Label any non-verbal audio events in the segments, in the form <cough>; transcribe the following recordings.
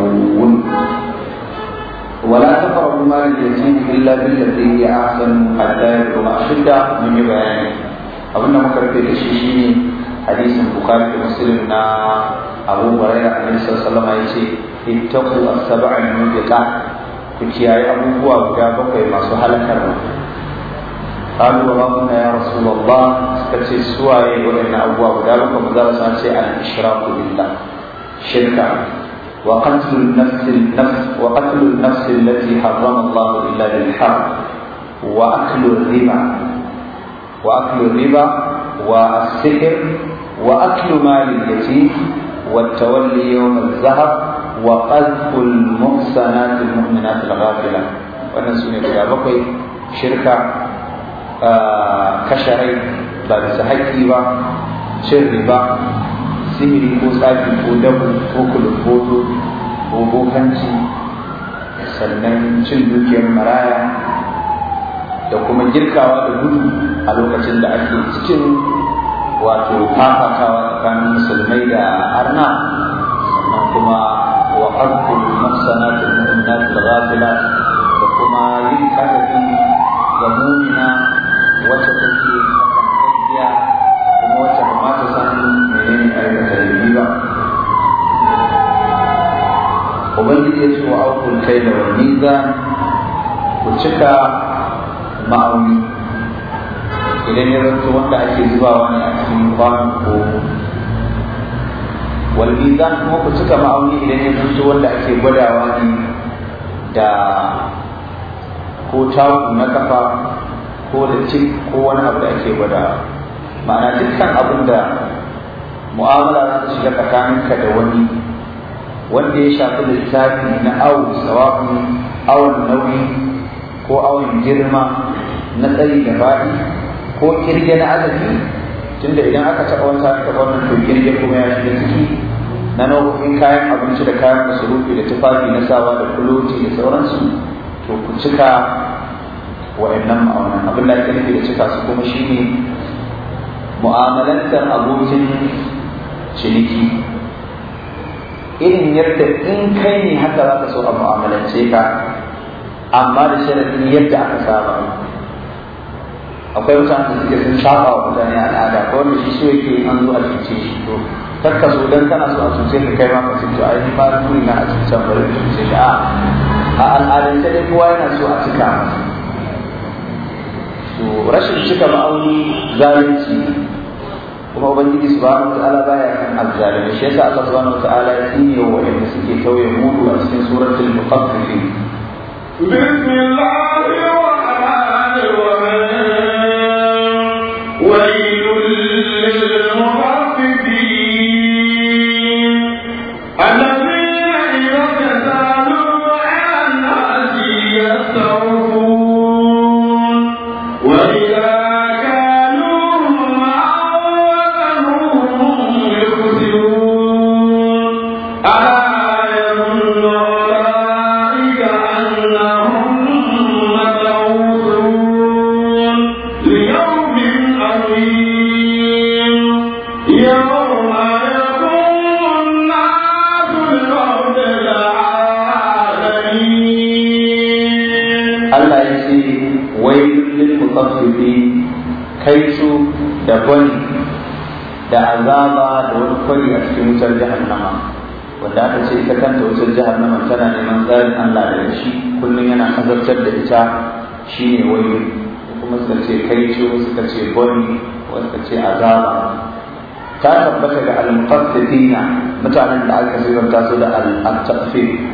يعلمون ولا تقربوا مال اليتيم الا بالتي هي احسن حتى يبلغ اشده من بيانه abinda muka rufe da shi shine hadisin bukhari da muslim na abu hurairah annabi sallallahu alaihi wasallam yace ittaqu as-sab'a al-mubiqat ku kiyaye abubuwa guda bakwai masu halakarwa قالوا ربنا يا رسول الله سكتي سواي وإن أبواب دارك مدرسة عن الإشراك بالله شركة وقتل النفس النفس وقتل النفس التي حرم الله إلا بالحق وأكل الربا وأكل الربا والسحر وأكل مال اليتيم والتولي يوم الزهر وقذف المحسنات المؤمنات الغافلة ونسوني بلا بقي شركة آه كشري بعد سحكي با شربا sihiri ko tsafi ko dabu ko kulubboto ko bokanci sannan cin dukiyar maraya da kuma girkawa da gudu a lokacin da ake cikin wato fafatawa tsakanin musulmai da arna sannan kuma wa masana masanatul mu'minat da ghafila da kuma yin wata ga mu'mina wacce take kuma wacce aikin aikata da ba ubangiji ya ce wa aukul kai da wani ku cika ma'auni idan ya zanto wanda ake zubawa ne a cikin kwano ko wal mizan kuma ku cika ma'auni idan ya zanto wanda ake gwadawa ne da ko taku na kafa ko da cik ko wani abu da ake gwadawa ma'ana dukkan abin da mu'amala za ta shiga tsakaninka da wani wanda ya shafi lissafi na awu sawa'un awon nauyi ko awon girma na tsari da faɗi ko kirge na azabi tunda idan aka taɓa wata ta taɓa wannan to kirge kuma ya shiga ciki na nau'o'in kayan abinci da kayan masarufi da tufafi na sawa da kuloti da sauransu to ku cika wa'annan ma'aunan abin da ake nufi da cika su kuma shine mu'amalantar abokin ciniki irin yadda in kai ne haka za ka so a mu'amalance ka amma da sharadin yadda aka saba akwai mutane da suke sun saba wa mutane al'ada ko wanda shi shi yake an zo a cuce shi to takka so dan kana so a cuce ka kai ma ka cuce a yi fara turi na a cuce ba ka a al'adun al'adance dai kowa yana so a cika to rashin cika ma'auni zalunci kuma ubangiji subhanahu wa ta'ala baya kan azzalimi shi yasa Allah subhanahu wataala ya tsine wa wanda suke tauye mudu a cikin suratul mutaffifin بسم الله الرحمن الرحيم da kwani da azaba da wani kwani a cikin wutar jahannama wanda aka ce ita kanta wutar jahannama tana neman tsarin Allah da shi kullum yana azabtar da ita shine wayo kuma suka ce kai ce suka ce gwani suka ce azaba ta tabbata ga al-muqaddidina mutanen da aka sirranta su da al-taqfir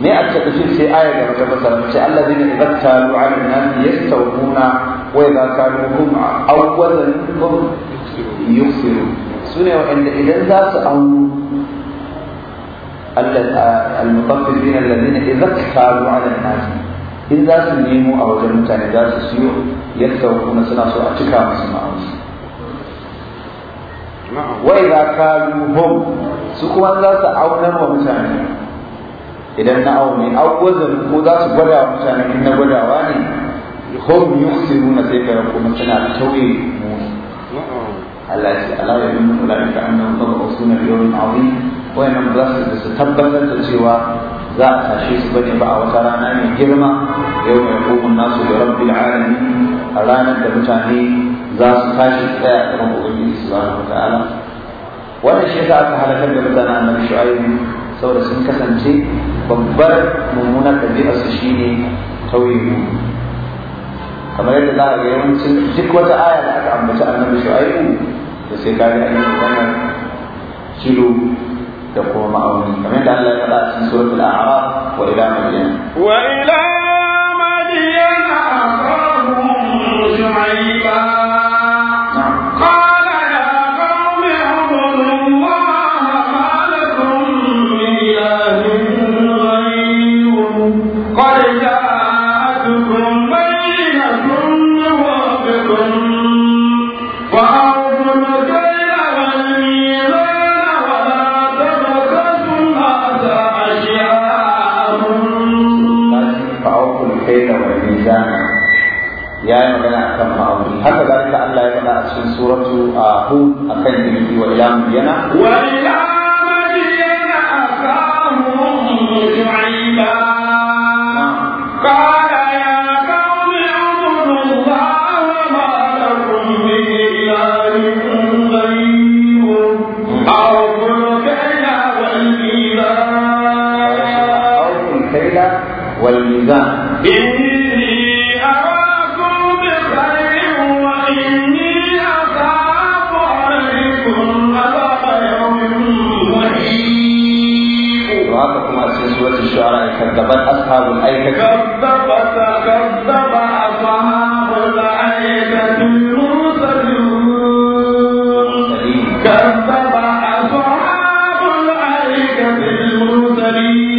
me al-taqfir sai ayar da ta fasara ce allazina idza talu 'ala nas yastawquna وإذا كانوا هم أو وزنهم يخسرون سنة وإن إذا ذات أو المطففين الذين إذا اكتالوا على الناس إن ذات نيموا أو جنتان ذات سيوع يكتوكون سنة سوء أتكام سماوس وإذا كانوا هم سكوا ذات أولا ومتانا إذا نعوني أو وزن وذات بدا ومتانا إن بداواني hum yuhsinuna sai ka kuma tana tauye mu Allah ya ala ya min ulaika annahum tabasuna bi yawmin azim wa inna da su tabbatar da cewa za a tashe su bane ba a wata rana mai girma yau mai hukumun nasu da rabbil alamin a ranar da mutane za su tashi tsaya a kan ubangiji subhanahu wataala wannan shi yasa aka halakar da mutanen annabi shu'aibu saboda sun kasance babbar mummunar ɗabi'arsu shine tauye mu kamar yadda za a ga yawancin duk wata aya da aka ambaci annabi shu'aibu da sai ka ga an yi maganar kilo da kuma ma'auni kamar yadda Allah ya faɗa a cikin suratul a'raf wa ila madyan wa ila madyan shu'aiba suratu hud akan jirgi wa ila mudiyana wa من سورة الشعراء كذبت أصحاب الأيكة كذبت كذب أصحاب الأيكة المرسلين كذب أصحاب الأيكة المرسلين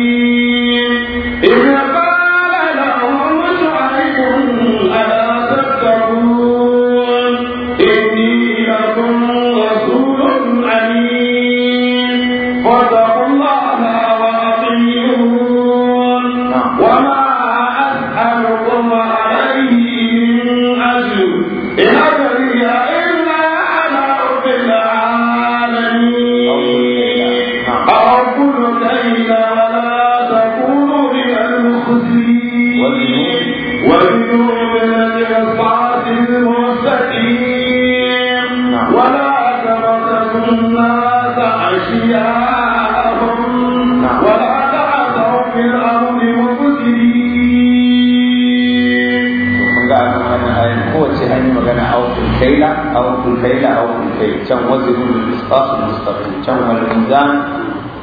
الناس عشياءهم kowace magana a kaila a wakil kaila a wakil kai can wazirin istasu mustaqim can wal mizan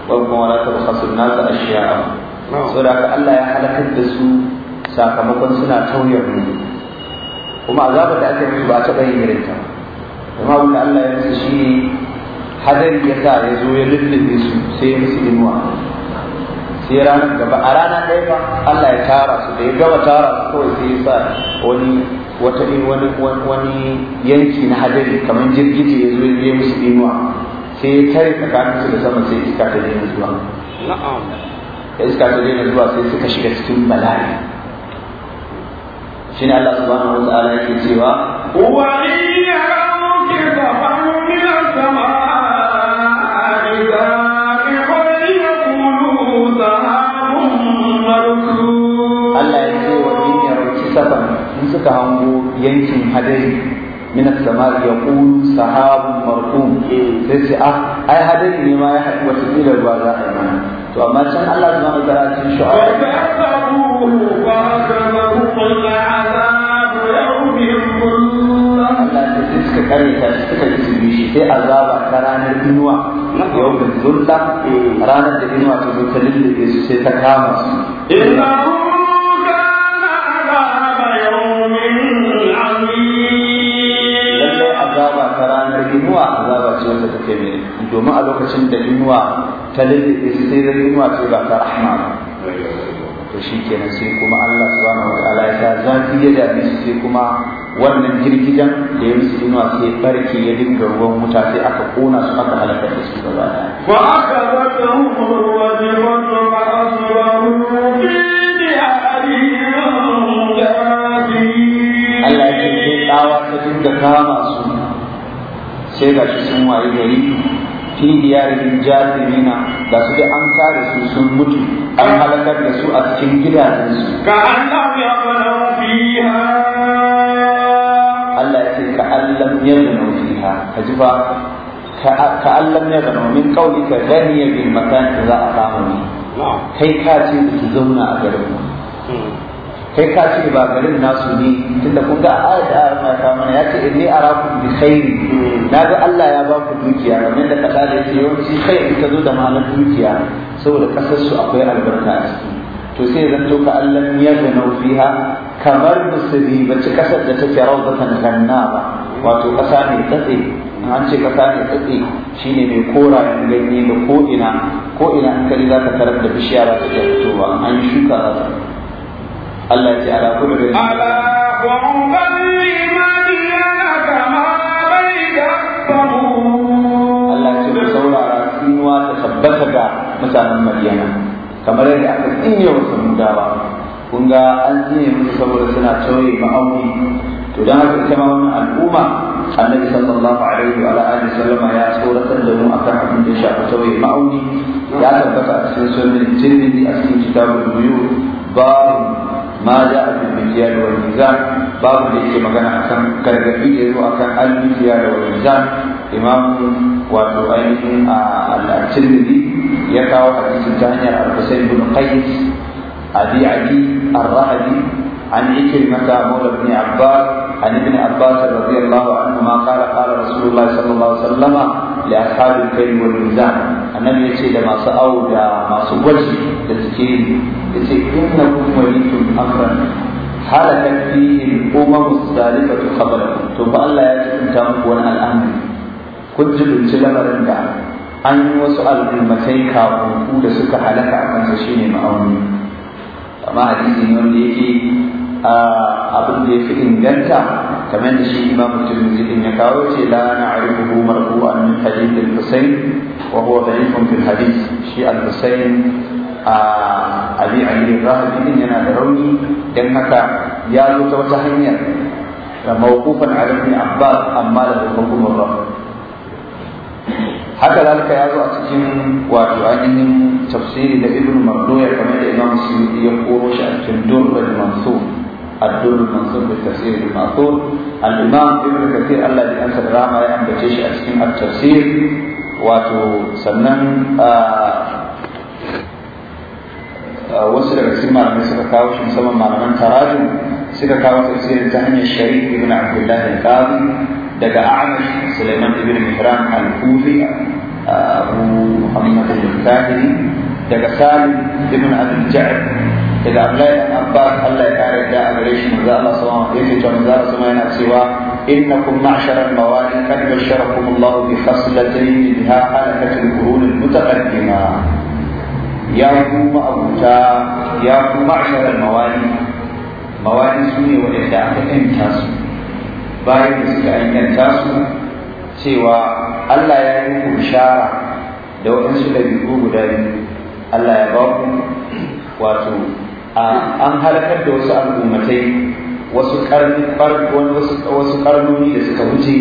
wa kuma wala nas ashiya'a saboda Allah ya halakar da su sakamakon suna tauye mu kuma azaba da ake musu ba ta bayyana ta amma wanda Allah ya ce shi hadari ya sa ya zo ya lullube su sai ya musu inuwa sai ranar gaba a rana ɗaya ba Allah ya tara su da ya gama tara su kawai sai ya sa wani wata wani wani yanki na hadari kamar jirgije ya zo ya musu inuwa sai ya tare tsakanin su da sama sai iska ta daina zuwa da iska ta daina zuwa sai suka shiga cikin bala'i shine Allah subhanahu wa ta'ala yake cewa wa suka hango yankin hadari min as-sama yaqulu sahabun marqum sai ce ah ai hadari ne ma ya haɗu wata kila ba za a yi to amma can Allah subhanahu wa ta'ala cikin shu'ara suka kare ta shi suka zubi shi sai azaba ta ranar inuwa yau da zulta ranar da inuwa ta zo ta lullube su sai ta kama su. lallai azaba ta ranar inuwa azaba ce wanda take ne domin a lokacin da inuwa ta lalle su sai da inuwa ce ba ta rahma ba to shi kenan sai kuma Allah subhanahu wataala ya sa zafi ya dame su sai kuma wannan girgijan da ya musu inuwa sai barke ya dinga ruwan wuta sai aka kona su aka halaka da su gaba Wa aka zata ba da kama su sai ga shi sun waye gari fi diyarin jazimina da su da an kare su sun mutu an halakar da su a cikin gidajensu ka Allah ya fara fiha Allah ya ce ka Allah ya zana fiha ka ji ba ka Allah ya zana min kauli ka ganiya bil makan da za a samu ni. kai ka ce ki zauna a garin kai ka ce ba garin nasu ne tunda kun ga ayat da Allah ta mana ya ce inni arakum bi khairi na ga Allah ya ba ku dukiya kamar da kasa da yake yawanci kai in ka zo da ma'anar dukiya saboda kasar su akwai albarka a ciki to sai zan to ka Allah ya ga fiha kamar musuri bace kasar da take rawdatan ganna ba wato kasa ne tsatse an ce kasa ne tsatse shine mai korayen ganye da ko ina ko ina in ka za ka tarar da bishiya za ta fitowa an shuka za ta Allah ya ce ala kullu ala wa uballi Allah ya ce da saurara tsinuwa ta tabbata ga mutanen Madina kamar yadda aka tsinye wa samudawa kun ga an tsinye musu saboda suna tauye ma'auni to dan haka ita ma wannan al'umma annabi sallallahu alaihi wa alihi sallama ya tsoratar da mu akan abin da shafi tauye ma'auni ya tabbata a cikin sunan tirmidhi a cikin kitabul buyur ba. ma za a bibiya da wani zan babu da yake magana akan gargaɗi da yazo akan albiya da wani zan imam wato ainihin a tirmidhi ya kawo hadisin ta hanyar al-husayn bin qais a ali ar-rahabi عن عكرمة مولى بن عباس عن ابن عباس رضي الله عنهما قال قال رسول الله صلى الله عليه وسلم لأصحاب الكيل والميزان النبي يسيد ما سأو ما سوجه تسكين يسيد إنكم وليتم أمرا هلكت فيه الأمم السالفة قبلكم ثم الله يجب أن الأمر كنت من سلمة an yi wasu al'ummatai kafin da suka halaka a kansa shine ma'auni amma hadisi ne wanda yake abin da ya fi inganta kamar da shi imam turmizi din ya kawo ce la na'rifuhu marfu'an min hadith al-husayn wa huwa da'ifun fil hadith shi al-husayn abi ali rahabi din yana da rauni dan haka ya zo ta wata hanyar mawqufan ala ibn abbas amma da hukum ar haka lalaka ya zo a cikin wato ainihin tafsiri da ibn ya kamar da imam suyuti ya koro shi a cikin da mansur الدل المنصوب بالتفسير المأثور الإمام ابن كثير الذي أنزل الرحمة يا بتيش أسكن التفسير وتسنن wasu daga cikin malamai suka kawo shi musamman malaman tarajin suka kawo tafsirin ta hanyar sharif ibn abdullah al daga amash sulaiman ibn mihran al-kufi abu muhammad al daga salim ibn abdul daga Abdullahi dan Abbas Allah ya kare da a gare shi manzo Allah sallallahu alaihi wasallam yake cewa yana cewa innakum ma'sharal mawali qad basharakum Allah bi khaslatayn minha halakatul qurun al-mutaqaddima ya kuma abuta ya kuma ma'sharal mawali mawali su ne wadanda aka yanta su bayan da suka yanta su cewa Allah ya yi ku bishara da waɗansu ɗabi'u guda biyu Allah ya ba ku wato an halakar da wasu al'ummatai wasu wasu karnoni da suka wuce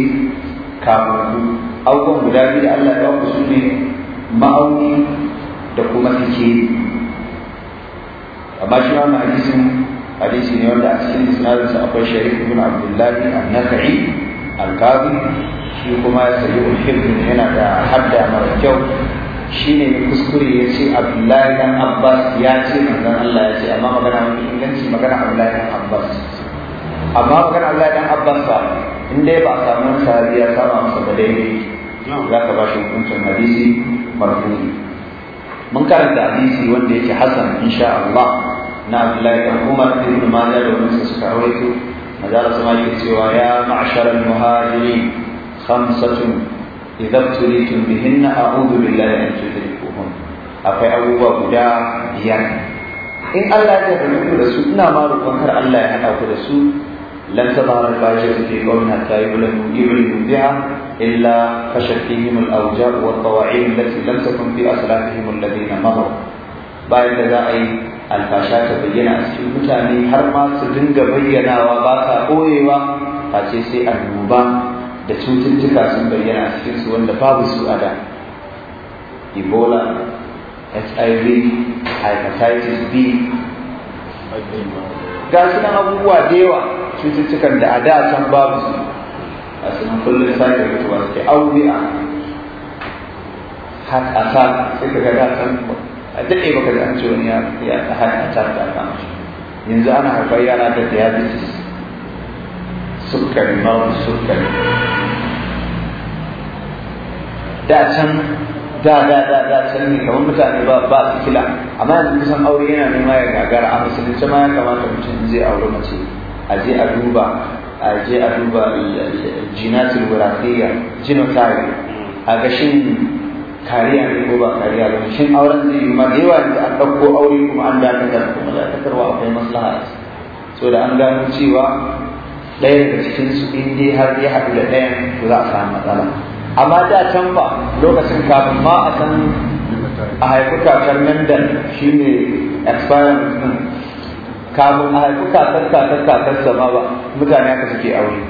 kafin abubuwan guda biyu da Allah ya ku ne ma'auni da kuma suke amma shi wannan hadisin hadisi ne wanda a cikin isnadinsa akwai sharif ibn abdullahi an-nafi al-kazi shi kuma ya sayi al yana da hadda mara kyau shi ne kuskure ya ce abdullahi dan abbas ya ce manzon allah ya ce amma magana mafi inganci magana abdullahi dan abbas amma magana abdullahi dan abbas ba in dai ba a samu sahabi ya sama masa ba daidai za ka ba shi hukuncin hadisi marfuni mun karanta hadisi wanda yake hasan insha allah na abdullahi dan umar ibn majah da wani suka rawaito maza da sama yake cewa ya ma'sharal muhajirin khamsatun idza tulitum bihinna a'udhu billahi an tudrikuhun akwai abubuwa guda biyar in Allah ya yarda da su ina ma roƙon kar Allah ya hada ku da su lan tadara al-fajr fi qawmin hatta yulamu yulimu biha illa fashat fihim al-awja' wa al-tawa'im allati lam takun fi aslafihim alladhina madaw bayan da za a yi alfasha ta bayyana a cikin mutane har ma su dinga bayyanawa ba sa koyewa face sai annoba da cututtuka sun bayyana a cikinsu wanda babu su a da ebola hiv hepatitis b ga nan abubuwa da yawa cututtukan da a da can babu su a sunan kullum sake mutuwa suke a har a sa sai ka gada kan a daɗe baka da an ce wani ya har a sa ta kama yanzu ana haifar yana da diabetes sukari mawar sukari da can da da da da can ne kamar mutane ba ba su kila amma yanzu kusan aure yana nema ya gagara a musulunci ma ya kamata mutum zai aure mace a je a duba a je a duba eh, eh, jinatul wurafiya jinotari a ga shin kariya ne ko ba kariya ba shin auren zai yi ma da yawa da an ɗauko aure kuma an dakatar kuma karwa akwai maslaha so da an gano cewa ɗaya daga cikin in inda har ya haɗu da ɗayan za a samu matsala amma da can ba lokacin kafin ma a san a haifi kakar nan shi ne expiring din kafin a haifi kakar kakar kakar sama ba mutane aka suke aure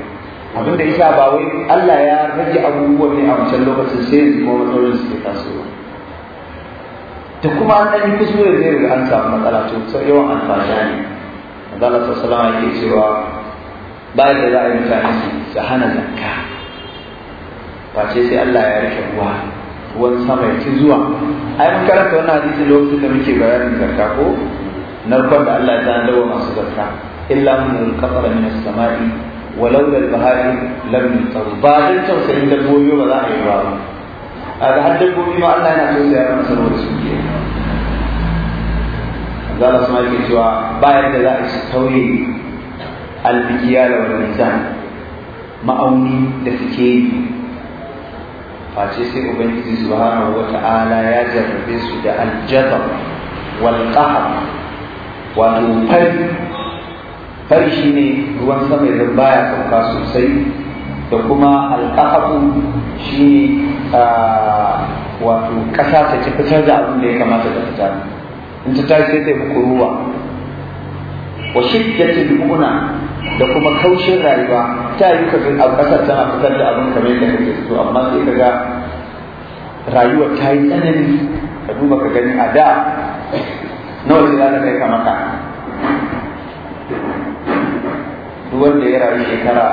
abin da isa ba wai Allah ya rage abubuwan ne a wancan lokacin sai yanzu kuma matsalolin suke tasowa Ta kuma an ɗan yi kuskure zai riga an samu matsala to sau yawan alfasha ne Allah sallallahu salama yake cewa bayan da za a yi mutane su hana zakka face sai Allah ya rike ruwa ruwan sama ya ci zuwa ai mun karanta wannan hadisi lokacin da muke bayanin zakka ko narkon da Allah ya tana wa masu zakka illa mun kafara min as-sama'i walau lal bahari lam yutaru ba dan tausayin dabbobi ba za a yi ba a ga har dabbobi ma Allah yana ya mana saboda su ke za su ma yake cewa bayan da za a ci tauye albigiya da wani zan ma'auni da suke yi face sai ubangiji subhanahu wata'ala ya jarrabe su da aljazam wal qahr wato fari fari shine ruwan sama idan baya sauka sosai da kuma alqahabu shine wato kasa ta ci fitar da abin da ya kamata ta fitar in ta tashi sai ta yi kuruwa wa shiddatul da kuma kaushe rayuwa ta yi kafin a ƙasar tana fitar da abin kamar yadda kake so amma sai ka ga rayuwar ta yi tsanani ka duba ka gani a da nawa sai za kai ka maka duk wanda ya rayu shekara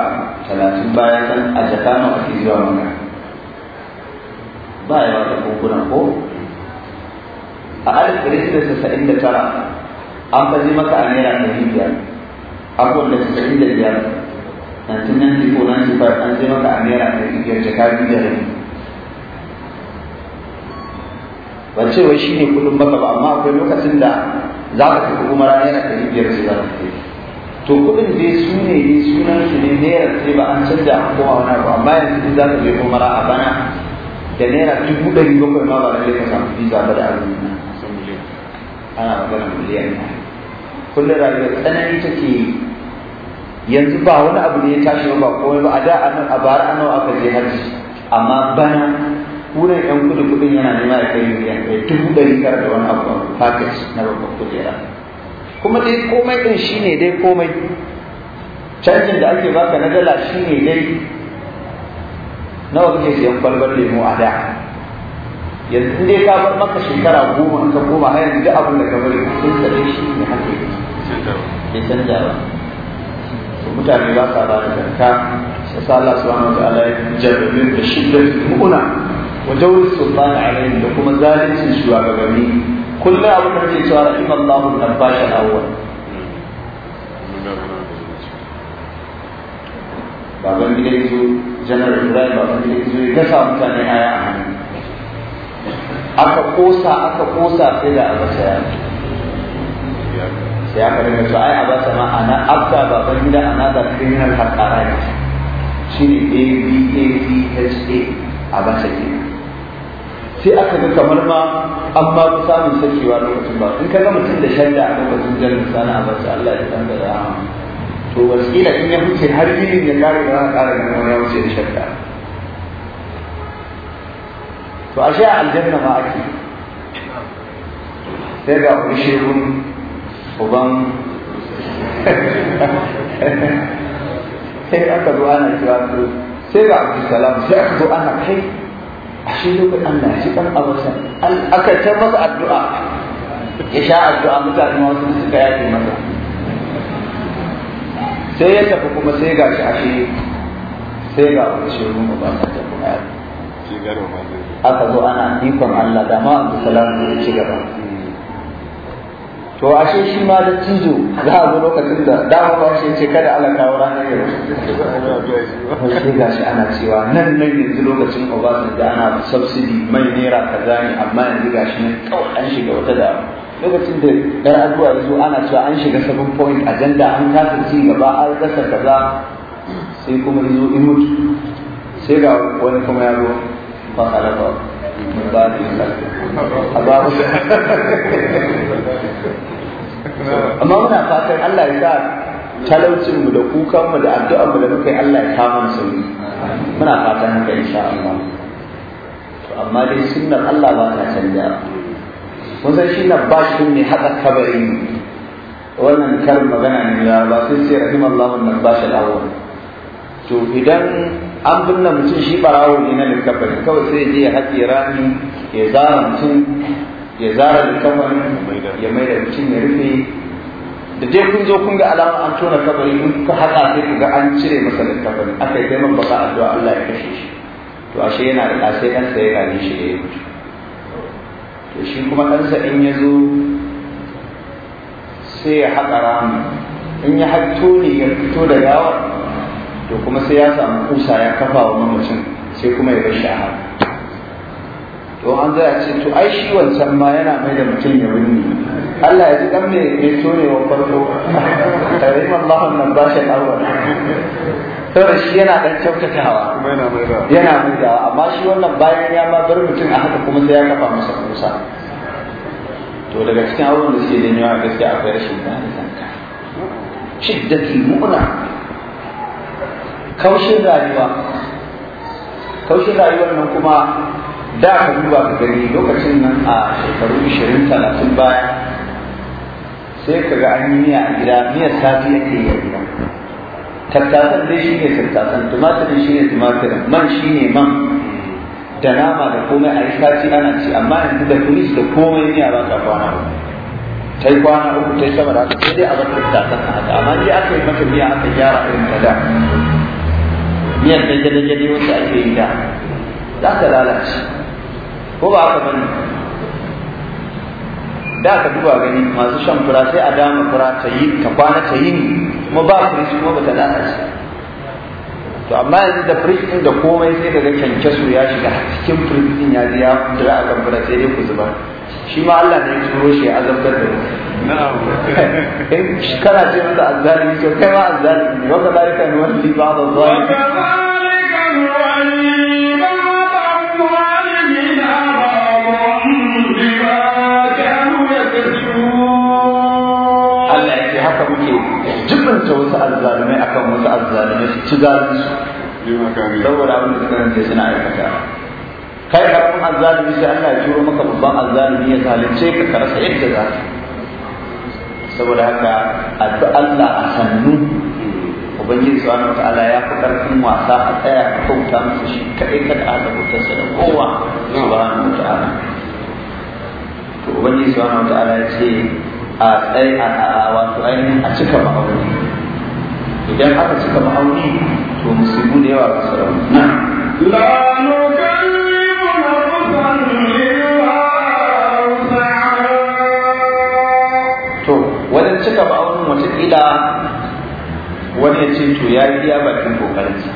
talatin baya san a jaka ake zuwa maka ba ya wata kogunan ko a alif ɗari da tasa'in da tara an fazi maka a naira ɗari biyar abubuwan da tasa'in da biyar 1994 95 an zai maka a naira ɗari biyar jaka biyu da rabi ban ce wai shine kullum maka ba amma akwai lokacin da za ka tafi kuma ranar yana ɗari biyar sai za ka to kuɗin dai su ne dai sunan su ne naira sai ba an canza a koma wani abu amma yanzu za ka je kuma a bana da naira dubu ɗari bakwai ma ba da ka samu visa ba da azumi na ana magana miliyan ne kullum rayuwar tsanani take yanzu ba wani abu ne ya tashi ba komai ba a da a nan a bara an aka je hajji amma bana wurin yan kudu kudin yana nema ya kai miliyan ɗaya dubu ɗari tara da wani abu fakis na babban kujera kuma dai komai ɗin shine dai komai canjin da ake baka na dala shine dai nawa kake siyan kwalbar lemo a da yanzu dai ka bar maka shekara goma ka goma har yanzu duk abin da ka bari sun tsare shi ne haka ke canjawa mutane ba sa ba da zakka sai sa Allah subhanahu wa ta'ala ya jarrabe da shiddatul mu'una wa jawr sultan alaihim da kuma zalincin shugabanni kullum abin da kake cewa rahimallahu nabbash al-awwal baban gida ya zo janar ibrahim baban gida ya zo ya gasa mutane aya a hannu aka kosa aka kosa sai da aka saya ya karanta su ai aba sama ana abda ban gida da criminal ne shi ne a b a B h a aba ke? sai aka ga kamar ma an ba ku samun sakewa lokacin ba in ka ga mutum da shaida a lokacin jalin sana ba sai Allah ya san da rahama to wasila in ya fice har bilin ya kare da kare da ya wuce da shaida to ashe a aljanna ma ake sai ga kushirun uban sai aka zo ana cewa su sai ga salam sai aka zo ana kai a shi lokacin Allah shi kan abusa aka ta masa addu'a ya sha addu'a mutane ma wasu suka yafe masa sai ya tafi kuma sai ga shi a shi sai ga abu shi rumu ba ta kuma aka zo ana ikon Allah da ma salam ya ci gaba to ashe shi ma da cizo za a zo lokacin da dama ba shi ce kada ala kawo ranar yau sai ga shi ana cewa nan nan yanzu lokacin obasan da ana subsidy mai naira ka zane amma yanzu ga shi ne kawai an shiga wata da lokacin da dar addu'a zo ana cewa an shiga seven point agenda an kasa ci gaba an rasa kaza sai kuma yazo in mutu sai ga wani kuma ya zo ba ba. <laughs> amma muna fatan Allah ya sa talaucin mu da kukan mu da addu'an mu da muka yi Allah ya kama mu sauri muna fatan haka insha Allah to amma dai sunnar Allah ba ta canja mun san shi na ba shi ne haka kabari wannan karin magana ne ba sai sai rahimallahu an-nabash al-awwal to idan an binne mutum shi barawo ne na likafani kawai sai je ya haƙi rami ya zara mutum ya zara likafani ya mai da mutum ya rufe da dai kun zo kun ga alama an tona kabari kun ka haɗa sai ku ga an cire masa likafani aka yi taimakon baka addu'a Allah ya kashe shi to ashe yana da ɗan sa ya gane shi da ya mutu to shi kuma ɗansa in ya zo sai ya haƙa rami in ya haƙto ne ya fito da yawa. to kuma sai ya samu kusa ya kafa wa mamacin sai kuma ya a shahar to an zai ce to ai shi wancan ma yana mai da mutum ya wuni. Allah ya ji dan mai ya so ne wa farko karim Allah nan ba shi awwal saboda shi yana dan kyautatawa yana mai da amma shi wannan bayan ya ma bar mutum a haka kuma sai ya kafa masa kusa to daga cikin abubuwan da suke da a gaskiya akwai rashin gane shiddatul mu'na kaushin rayuwa kaushin rayuwar nan kuma da ka duba ka gani lokacin nan a shekaru 20 30 baya sai ka ga an yi miya a gida miyar safi yake yi a gida tattasan dai shi ne tattasan tumatirin shi ne tumatirin man shi ne man da nama da komai a yi kaci ana ci amma yanzu da kulis da komai miya ba ta kwana uku ta yi kwana uku ta yi sama da haka sai dai a bar tattasan a haka amma dai aka yi mata miya aka gyara irin ta da miyar daje-daje wanda ake yi da za ka lalace ko ba haka bane da ka duba gani masu shan fura sai a dama fura ta yi ta kwana ta yi kuma ba firiji kuma ba ta lalace to amma yanzu da firiji ɗin da komai sai daga kyankyaso ya shiga cikin firiji ɗin ya ji ya dura a kan fura sai dai ku zuba shi ma Allah ne ya turo shi ya azabtar da mu <laughs> in kana ce masa azzalimi to kai ma azzalimi ne wanda zalika ne wani ba da Allah ya ce haka muke jibinta wasu azzalumai akan wasu azzalumai su ci zalunci saboda abin da suka rance suna aikata kai karamin azzalimi sai Allah ya turo maka babban azzalimi ya zalunce ka ka rasa yadda za ka saboda haka addu Allah a sannu ubangiji subhanahu wataala ya fi karfin wasa a tsaya ka kauta masa shi kaɗai da aka kautar sa da kowa subhanahu wataala to ubangiji subhanahu wataala ya ce a tsaye a wato ainihin a cika ma'auni idan aka cika ma'auni to musibu da yawa ba su rauni cika ma'aunin watakila wani ya ce to ya yi iya bakin kokarinsa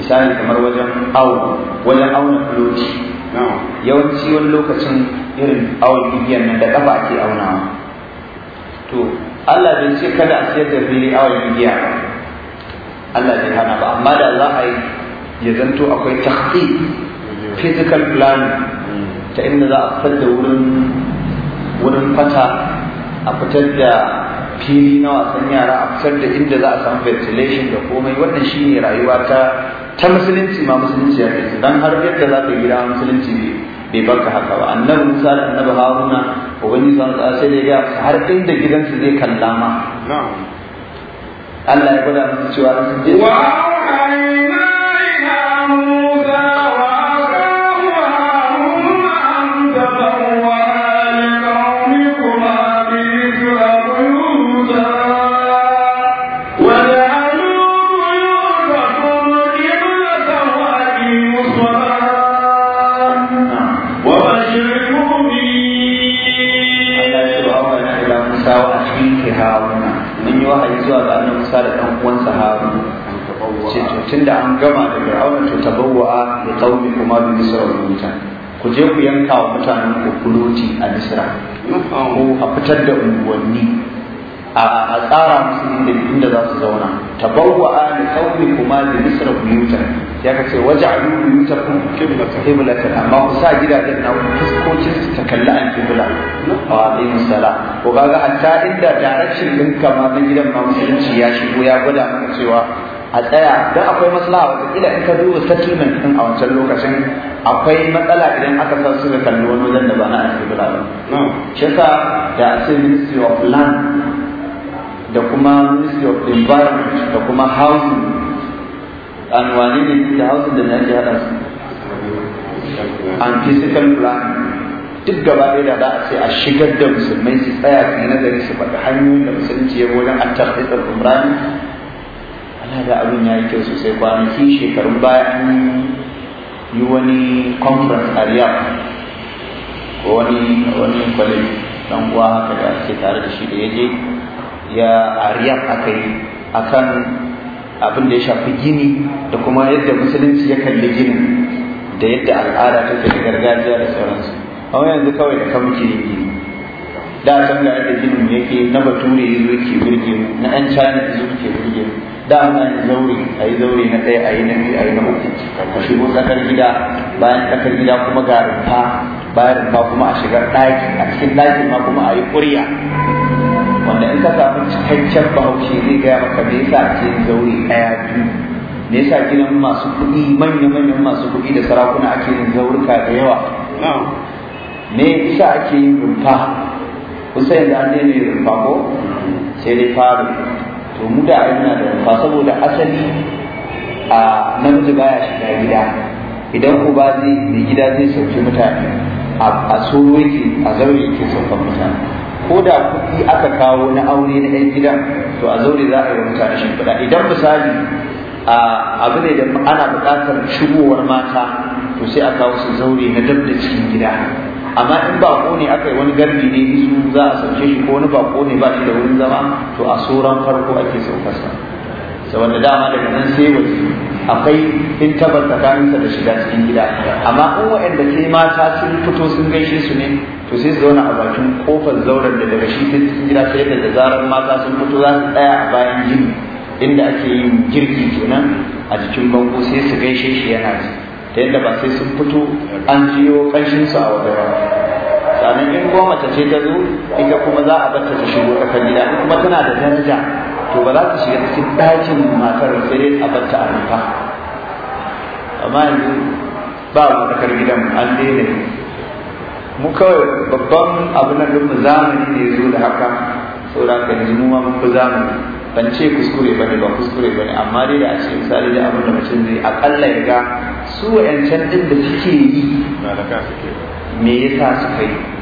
misali kamar wajen awo wajen auna filoci. yawanci wani lokacin irin awon bibiyan nan da kafa ke aunawa to Allah bai ce kada a siyar da fili awon bibiya Allah bai hana ba amma da za a yi ya zanto akwai tahqiq physical plan mm. ta inda za a fadda wurin wurin fata a fitar da fili na wasan yara a fitar da inda za a samu ventilation da komai wannan ne rayuwa ta ta musulunci ma musulunci ya fi don har yadda za ka gida musulunci ne bai baka haka ba annabi Musa da annabi Haruna ubangi san da sai da ga har inda gidansu zai kalla ma Allah ya gwada musu cewa sun je wa kawo a cikin ke haruna mun yi wahayi zuwa ga annan musa da ɗan uwansa haruna ce to tunda an gama da fir'auna to tabawwa da qaumi kuma bi misra mulutan ku je ku yanka wa mutanen ku a misra ko a fitar da unguwanni a tsara musu inda inda za su zauna Ta tabawwa ali qawmi kuma da misr buyutan ya kace waja'alu buyutakum ta amma ku sa gidajen na fuskocin su ta kalli an qibla wa yin sala ko kaga hatta inda direction din kama na gidan ma musulunci ya shigo ya gwada maka cewa a tsaya don akwai maslaha wata kila in ka duba settlement din a wancan lokacin akwai matsala idan aka san su kalli wani wajen da ba na alƙibla ba shi yasa da a ce ministry of land da kuma ministry of environment da kuma housing an wani ne da housing da na ji hada su an physical plan duk gaba ɗaya da za a ce a shigar da musulmai su tsaya su yi nazari su faɗi hanyoyin da musulunci ya wajen a tarbitar umrani ana da abin ya yi kyau sosai kwanaki shekarun baya an yi wani conference a riyadh ko wani wani kwalin dan uwa haka da ake tare da shi da ya je ya ariyar aka yi akan abin da ya shafi gini da kuma yadda musulunci ya kalli gini da yadda al'ada ta fi gargajiya da sauransu amma yanzu kawai da kan muke gini da san ga yadda ginin yake na bature yi zuwa ke birge na yan china ya zuwa ke birge da ana yin zaure a yi zaure na ɗaya a yi na biyu a yi na uku a shigo tsakar gida bayan tsakar gida kuma ga rumfa bayan rumfa kuma a shigar ɗaki a cikin ɗaki ma kuma a yi ƙurya wanda in ka samu cikakken bahaushe zai gaya maka me yasa ake zaure ɗaya biyu me yasa gidan masu kuɗi manya-manyan masu kuɗi da sarakuna ake yin zaurika da yawa me yasa ake yin rumfa kusa yanzu an daina yin rumfa ko sai dai faru to mu da yana da rumfa saboda asali a namiji baya shiga gida idan ku ba zai gida zai sauke mutane a so a zaure ke saukan mutane ko da kuɗi aka kawo na aure na ɗan gida to a zaure za a yi mutane kuɗa idan misali abu ne da ana buƙatar shigowar mata to sai a kawo su zaure na dab da cikin gida amma in bako ne aka yi wani garbi ne isu za a sauke shi ko wani bako ne ba shi da wurin zama to a tsoron farko ake saukarsa saboda dama daga nan sai waje akwai intabar tsakaninsa da shiga cikin gida amma in waɗanda sai mata sun fito sun gaishe su ne to sai su zauna a bakin kofar zauren da daga shi cikin gida sai da zarar mata sun fito za su tsaya a bayan gini inda ake yin girki kenan a cikin bango sai su gaishe shi yana ji ta yadda ba sai sun fito an jiyo ƙanshin su a waje ba sannan in goma ta ce ta zo ita kuma za a bata ta shigo tsakar gida kuma tana da daraja to ba za ta shiga cikin ɗakin matar sai dai a bata a rufa amma yanzu ba mu gidan an daina mu kawai babban abu na mu zamani ne ya zo da haka saboda haka yanzu mu ma mun fi zamani ban ce kuskure bane ba kuskure bane amma dai da a ce misali da abin da mutum zai akalla ya ga su wa'yancan din da suke yi me yasa suka yi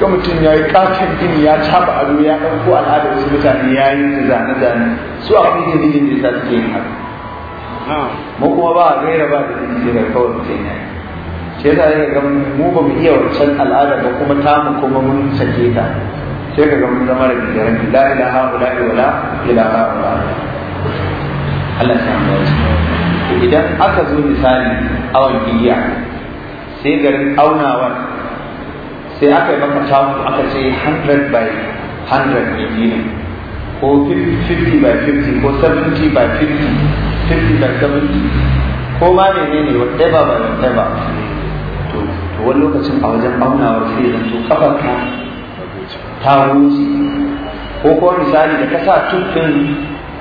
ga mutum ya yi katon gini ya caba ado ya ɗauko al'adar su mutane ya yi ta zane-zane su a kuma yin yin da suke yin haka mu kuma ba a gaira ba da yin da kawai mutum ya yi sai ta daga ga mu ba mu iya wancan al'ada ba kuma ta mu kuma mun sake ta sai ka ga mun zama da bijiran la ilaha illa wala ilaha illa Allah ya samu idan aka zo misali awon giya sai garin aunawar sai aka yi maka tamu aka ce 100 by 100 mai gini ko 50 by 50 ko 70 by 50 50 by 70 ko ma ne ne ne whatever by whatever to wani lokacin a wajen aunawar sai zan to ka ta wuce ko kuma misali da ka sa tuffin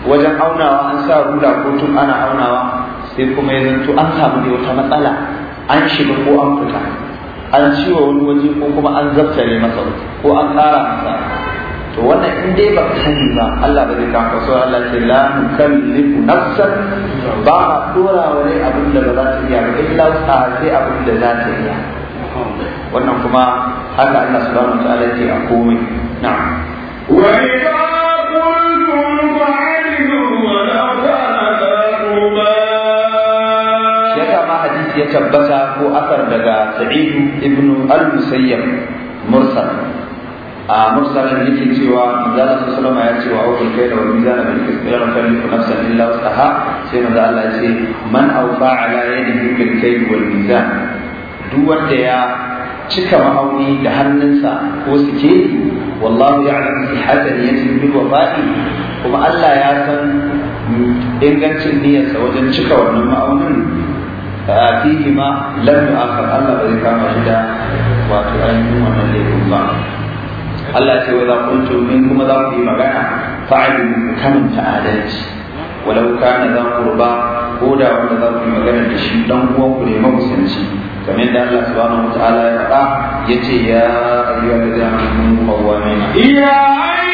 wajen aunawa an sa rula ko tun ana aunawa sai kuma yanzu an samu da wata matsala an shiga ko an fita an ciwa wani waje ko kuma an zabtare masa ko an ƙara masa to wannan in dai ba sani ba Allah ba zai kafa so Allah ce la nukallifu nafsan ba a dora wani abin da ba za ta iya ba illa sai abin da za ta iya wannan kuma haka Allah subhanahu wa ta'ala yake a komai na'am wa idza ya tabbata ko asar daga sa'idu ibnu al-musayyab mursal a mursal yake cewa manzo sallama ya ce wa da kayla wal mizana bil qisti la nukallifu nafsan illa wusaha sai manzo Allah ya ce man awfa ala yadihi bil kayd wal mizan duk wanda ya cika ma'auni da hannunsa ko suke wallahu ya'lamu hadan yatihi bil wafa'i kuma Allah ya san ingancin niyyarsa wajen cika wannan ma'aunin fihi ma lam yu'akhar Allah bai kama shi da wato ainihin wannan laifin ba Allah ce wa za kuntum min kuma za ku yi magana fa'alu kamanta adalci walau kana za ruba ko da wanda za ku yi magana da shi dan uwa ku ne makusanci kamar yadda Allah subhanahu wa ta'ala ya faɗa yace ya ayyuhal ladina amanu qawwamina ya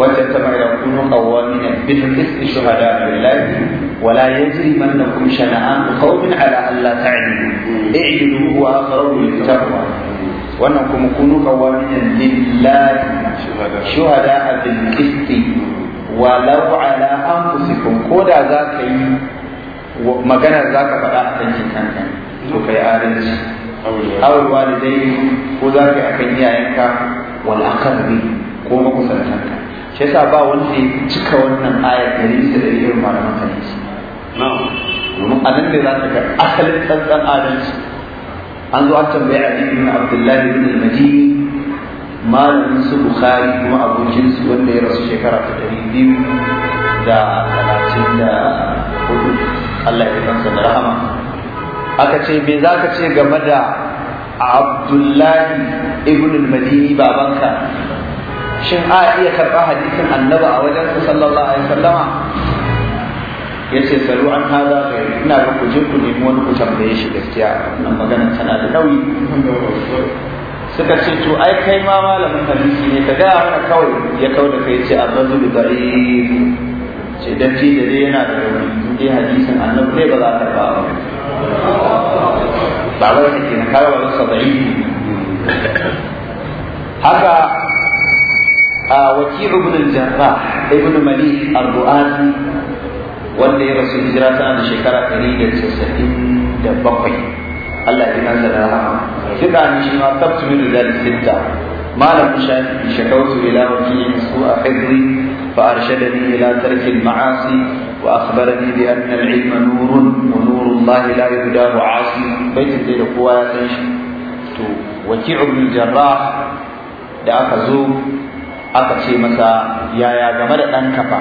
wancan ta mai yakunu qawwamina bil qisti shuhada lillahi ولا يجرمنكم شنآن قوم على ألا تعدلوا اعدلوا هو أقرب للتقوى وأنكم كونوا قوامين لله شهداء بالقسط ولو على أنفسكم كودا ذاك magana za ka faɗa a kan kanka to kai adalci awul walidai ko za ka yi akan iyayenka wal ko makusantanka shi yasa ba wanda ya cika wannan ayar ɗari bisa da irin malaman hadisi domin a nan ne za ta ga asalin tsantsan adalci an zo an tambayi Ali ibn Abdullahi ibn al-Madini malamin su Bukhari kuma abokin su wanda ya rasu shekara ta ɗari biyu da talatin da hudu Allah ya kansa da rahama aka ce me za ka ce game da Abdullahi ibn al-Madini babanka shin a iya karɓa hadisin annaba a wajen su sallallahu alaihi wasallama ya ce salu an haza ina ga ku ku nemi wani ku tambaye shi gaskiya wannan magana tana da nauyi suka ce to ai kai ma malamin hadisi ne ka gaya mana kawai ya kawo da kai ce arzazu bi ce dan ji da yana da rauni in dai hadisin annabi ne ba za ka ba ba ba ba ke na kawo wani sabai haka وكيع بن الجراح ابن al الرؤاسي wanda ya rasu hijira tana da shekara ɗari da casa'in da bakwai Allah ya nasa da rahama duka ni shi ma tabtu min rijal sitta malam shafi shakawtu ila su a hizri fa arshadani ila tarki al-ma'asi wa akhbarani bi anna al-ilma nurun wa nuru Allah la yudahu 'asi baitin da kowa ya san shi to waki'u bil jarrah da aka zo aka ce masa yaya game da ɗan kafa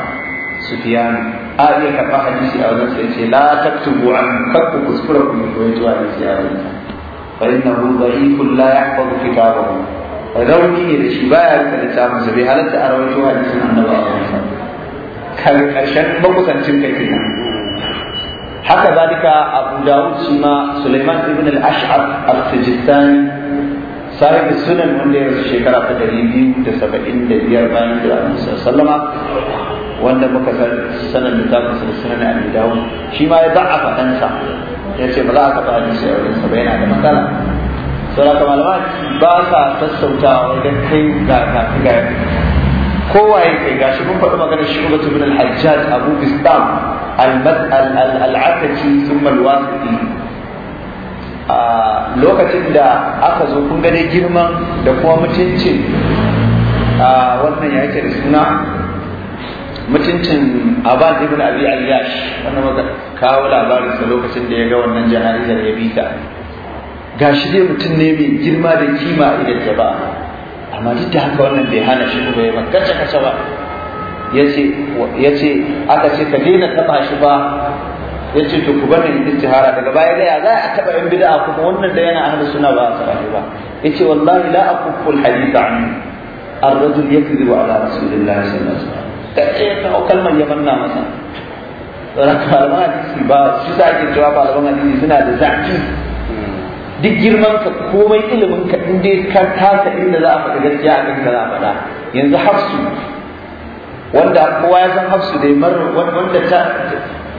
sufiyan a iya karɓa hadisi a wajen sai ce la taktubu an kakku kuskura ku koyi zuwa hadisi a wajen fa innahu dha'ifun la yahfazu kitabahu rauni ne da shi baya rika littafin sa bai halatta a rawaito hadisin annabi a wajen kar karshen makusancin kai kenan haka zalika abu dawud shi ma sulaiman ibn al-ash'ab al-sijistani sahib sunan wanda ya rasu shekara ta ɗari biyu da saba'in da biyar bayan da Musa sallama wanda muka san sanan da zaka san sunan Abi Dawud shi ma ya da'a fadansa ya ce ba za ka ba ni sai wurin sa yana da matsala saboda malama ba sa sassautawa wajen kai ga ga ga kowaye kai gashi mun faɗi maganar shi ubatu bin al-Hajjaj Abu Bistam al-Mas'al al-Ataki thumma al-Wasiti a lokacin da aka zo kun gane girman da kuma mutuncin a wannan ya yake da suna mutuncin abbas ibn abi al-yash wannan muka kawo labarin sa lokacin da ya ga wannan jana'izar ya bi ta gashi dai mutum ne mai girma da kima idan ta ba amma duk da haka wannan bai hana shi ba ya kace ba yace yace aka ce ka daina taba shi ba ya ce to ku bar ni istihara daga baya da ya za a taba in bid'a kuma wannan da yana ahlus sunna ba a ba yace wallahi la aquful hadith an ar-rajul yakdhibu ala rasulillahi sallallahu alaihi wasallam ta ce ka kalmar ya banna masa malaman hadisi ba shi sa ake cewa malaman hadisi suna da zaki duk girman ka komai ilimin ka in dai ka tasa inda za a faɗi gaskiya a kanka za a faɗa yanzu hafsu wanda kowa ya san hafsu dai mar wanda ta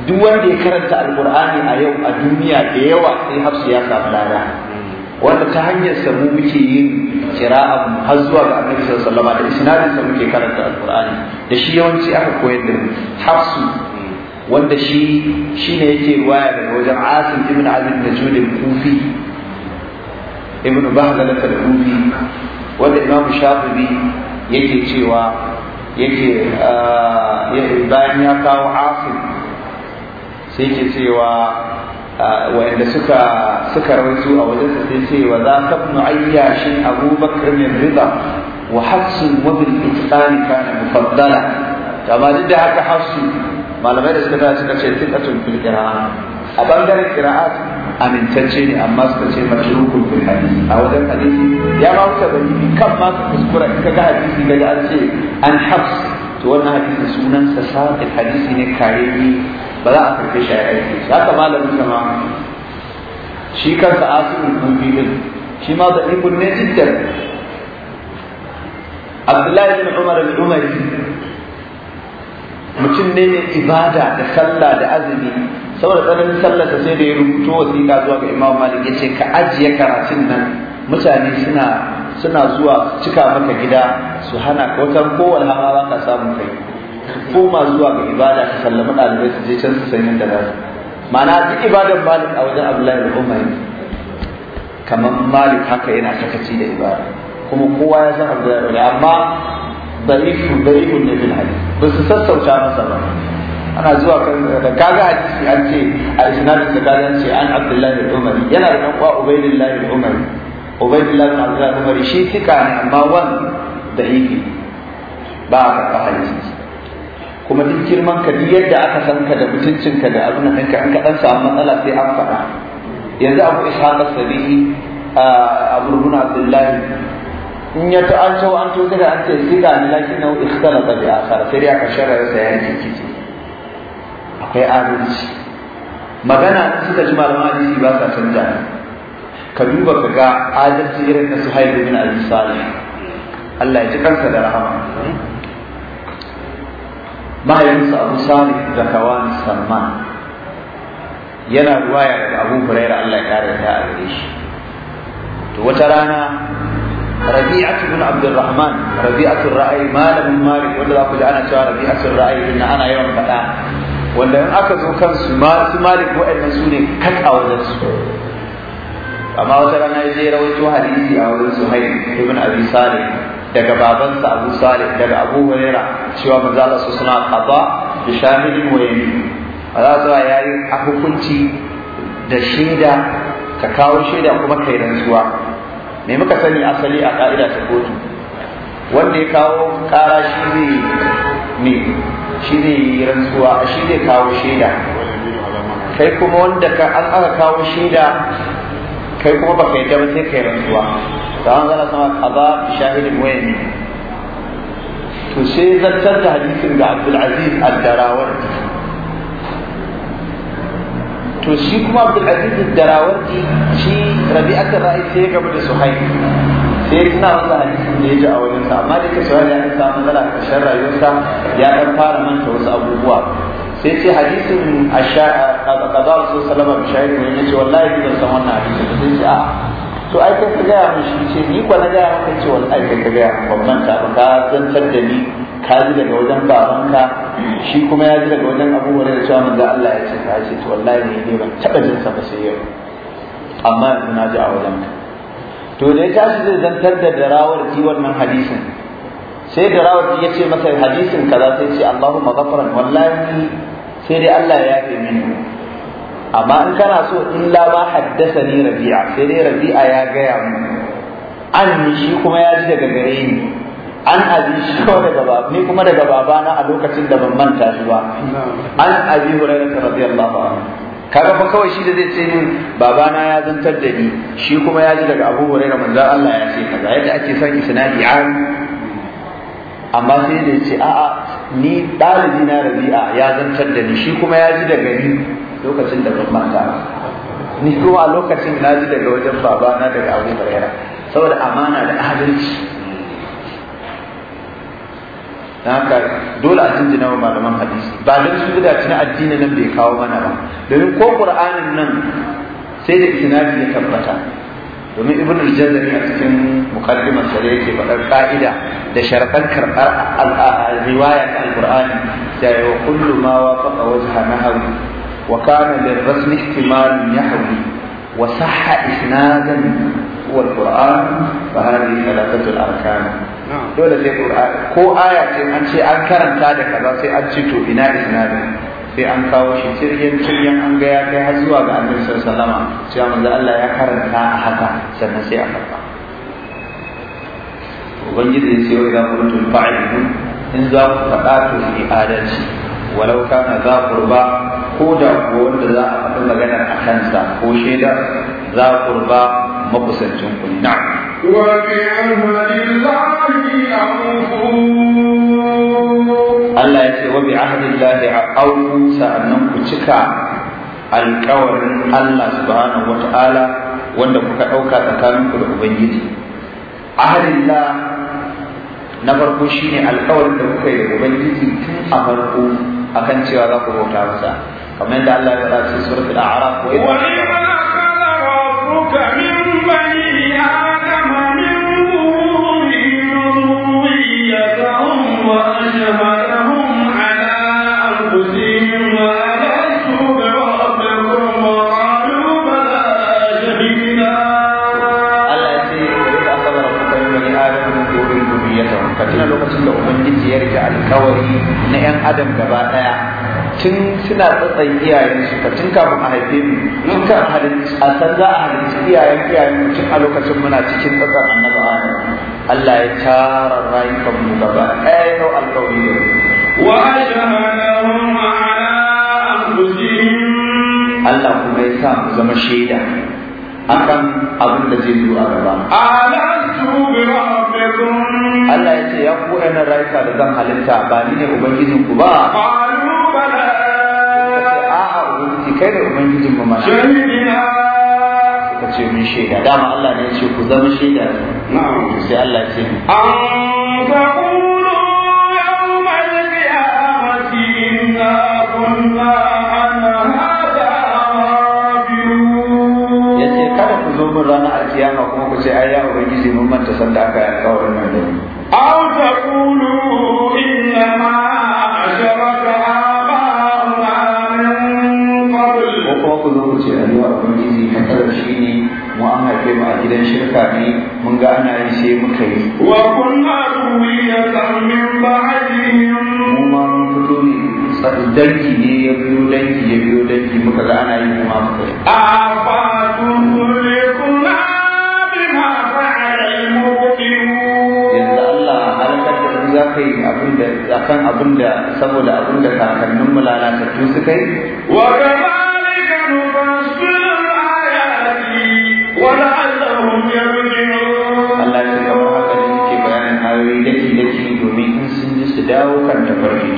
duk wanda ya karanta alkur'ani a yau a duniya da yawa sai hafsu ya samu lada wanda ta hanyar sa mu muke yin qira'a har zuwa ga annabi sallallahu alaihi wasallam da isnadin sa muke karanta alkur'ani da shi yawanci aka koyar da hafsu wanda shi shine yake waya daga wajen asim ibn abd najud al-kufi ibn bahdalah kufi wanda imam shafi'i yake cewa yake ah, bayan ya kawo asim sai ke cewa ah, wanda suka suka rawaito a wajen sa sai cewa za ka ibn ayyashin abubakar min rida wa hafsun wa bil itqan kana mufaddala kama duk da haka hafsu malamai da suka ta suka ce tiqatun fil qira'a a bangaren qira'at amintacce ne amma suka ce matrukun fil hadisi a wajen hadisi ya ma wuce bayani kan ma su kuskura ka ga hadisi ga an ce an hafs to wannan hadisi sunansa sa hadisi ne kare ni. ba za a karfe shi a aiki shi haka malami sama shi kansa asirin kufi din shi ma da ibn ne jiddan abdullahi bin umar bin umar mutum ne mai ibada da sallah da azumi saboda tsananin ta sai da ya rubuto wasiƙa zuwa ga imam malik ya ce ka ajiye karatun nan mutane suna zuwa cika maka gida su hana ko wata kowane hawa ka samu kai koma zuwa ga ibada ta sallama ɗalibai su je can su san yadda za su ma'ana duk ibadan malik a wajen abdullahi da umar kamar malik haka yana sakaci da ibada kuma kowa ya san abdullahi da amma da'ifun da'ifun ne bin hadis ba su sassauta masa ba ana zuwa kan da kaga hadisi an ce a isnadin da kaga ce an abdullahi da umar yana da ɗan uwa ubaidillahi da umar ubaidillahi da abdullahi da umar shi tika ne amma wan da'ifi ba a karɓa hadisi kuma duk girman ka duk yadda aka san ka da mutuncin ka da abin nan ka an ka dan samu matsala sai an faɗa yanzu abu ishaq sabihi abu rubun abdullah in ya ta an an to daga an ce sai ga ni lakin nau ikhtalata bi akhar sai ya ka ya sai ya kici akwai arinci magana suka ji malaman hadisi ba sa canja ka duba ka ga adalci irin na suhaibu bin al salih Allah ya ji kansa da rahama mahaifinsa abu sani da kawani salman yana ruwaya daga abu huraira allah ya kare ta a gare shi to wata rana rabi'atu bin abdurrahman rabi'atu ra'ayi malamin malik wanda za ku ji ana cewa rabi'atu ra'ayi din ana yawan faɗa wanda in aka zo kansu su malik waɗannan su ne kat a wajen su amma wata rana ya je rawaito hadisi a wajen suhaib ibn abi salih daga babansa Abu Salih daga Abu Huraira cewa manzo Allah suna qada bi shahidin wa Allah zuwa yayi a hukunci da shaida ka kawo shaida kuma kai rantsuwa me muka sani asali a ka'ida ta kotu wanda ya kawo kara shi ne ne shi ne rantsuwa shi zai kawo shaida kai kuma wanda ka an aka kawo shaida kai kuma baka yadda ba sai ka yi rantsuwa da an zana sama kaza shahidin wayan to sai zartar da hadisin ga Abdul Aziz ad to shi kuma Abdul Aziz shi darawar shi Rabi'atul Ra'i sai ya gaba da su Suhaib sai suna masa hadisin da ya ji a wajensa amma da ke sauran ya samu matsala a ƙarshen rayuwarsa ya ɗan fara manta wasu abubuwa sai ce hadisin kaza wasu salama bi shahid ne yace wallahi bi zan san wannan hadisin sai ce a ah, to ai kai ka gaya mun shi ce ni kwa na gaya maka ce wallahi kai ka gaya babban ka ka zantar da ni ka ji daga wajen babanka shi kuma ya ji daga wajen abubuwan da cewa manzo Allah ya ce ka ce to wallahi ne ne ban taba jin sa ba sai yau amma yanzu na ji a wajen ka to da ya tashi zai zantar da darawar ji wannan hadisin sai da rawar ya ce masa hadisin kaza sai ce Allahumma ghafran wallahi sai dai Allah ya yafe mini amma in kana so illa ma haddasa ni rabi'a sai dai rabi'a ya gaya mu an shi kuma ya ji daga gare ni an abi shi ko daga baba ni kuma daga baba na a lokacin da ban manta shi ba an abi hurairah radiyallahu anhu kaga fa kawai shi da zai ce min babana ya zantar da ni shi kuma ya ji daga abu hurairah manzon Allah ya ce kaza yadda ake son isnadi an amma sai da ce a'a ni ɗalibi na rabi'a ya zantar da ni shi kuma ya ji daga ni lokacin da ban manta ni kuma a lokacin na ji daga wajen baba na daga abu barera saboda amana da adalci na haka dole a jinjina wa malaman hadisi ba don su da na addinin nan bai kawo mana ba domin ko qur'anin nan sai da isnadi ya tabbata domin ibn al-jazari a cikin muqaddimar sa yake faɗar fa'ida da sharafan karɓar riwaya ta alqur'ani da wa kullu ma wafaqa wajha nahawi wa kana lirrasm ihtimal yahwi wa sahha isnadan huwa alqur'an fa hadhihi thalathatu al-arkan dole sai qur'an ko aya ce an ce an karanta da kaza sai an ci to ina isnadin sai an kawo shi ciryan ciryan an ga ya kai har zuwa ga annabi sallallahu alaihi cewa manzo Allah ya karanta a haka sannan sai a karba ubangiji ya ce wa idan kuntum in za ku faɗa to ku adalci walau kana za kurba ko da ko wanda za a faɗi maganar a kansa ko shaida za kurba makusancin ku na'am wa bi bi ahdillahi a sa'annan ku cika alƙawarin Allah subhanahu wata'ala wanda kuka ɗauka tsakaninku da ubangiji ahdillah na farko shine alƙawarin da kuka yi da ubangiji tun a farko akan cewa za ku bauta masa kamar yadda Allah ya faɗa cikin suratul a'raf wa idza rabbuka min bani alkawari na 'yan adam gaba ɗaya tun suna tsatsayin su ka tun kafin a haife mu tun kafin a san za a halitta iyayen iyayen mu tun a lokacin muna cikin tsatsar annaba Allah ya tara rayukan mu gaba ɗaya ya alkawari wa ashhadahum ala anfusihim Allah kuma ya sa mu zama shaida akan abin da zai zo a gaba. Allah Allah ya ce ya ku ɗanar rayuka da zan halitta ba ni ne ubangijin ku ba. A'a ubangiji kai ne ubangijin mu mashi. Suka ce mun shaida dama Allah ne ya ce ku zama shaida ne. Sai Allah ya ce. kada ku zo min ranar alkiyama kuma ku ce ai ya manta sanda aka yi alƙawarin nan da ni aw taqulu inna ma kuma ku zo ku ce ayyuwa ubangiji na karshe ne mu an haife mu a gidan shirka ne mun ga ana yi sai muka yi wa kunna ruwiyatan mu muka ga ana yi mu ma kai abinda akan abinda saboda abinda kakannin mu lalatattu suka yi wa kamalika nufassilu ayati wa la'allahum yarji'un Allah ya kama haka da yake bayanin ayoyi daki daki domin in sun ji su dawo kan tafarki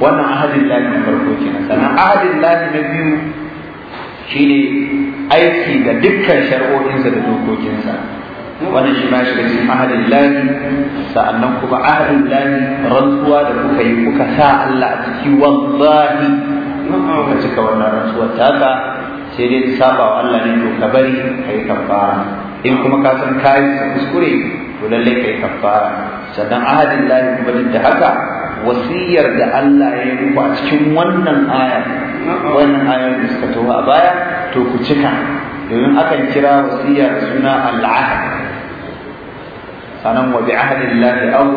wannan ahadin lahi na farko kenan sannan ahadin lahi na biyu shine aiki ga dukkan shar'o'insa da dokokinsa Wani shi ma shiga cikin ahadin lahi sa'annan kuma ahadin lahi rantsuwa da kuka yi kuka sa Allah a ciki wallahi ka cika wannan rantsuwar taka sai dai ta saba wa Allah ne to ka bari ka yi kafara in kuma ka san kayi ka kuskure to lallai ka yi kafara sannan ahadin lahi kuma duk da haka wasiyar da Allah ya yi a cikin wannan aya wannan ayar da suka taho a baya to ku cika domin akan kira wasiyar suna al'ahad sanan wa bi ahdillahi aw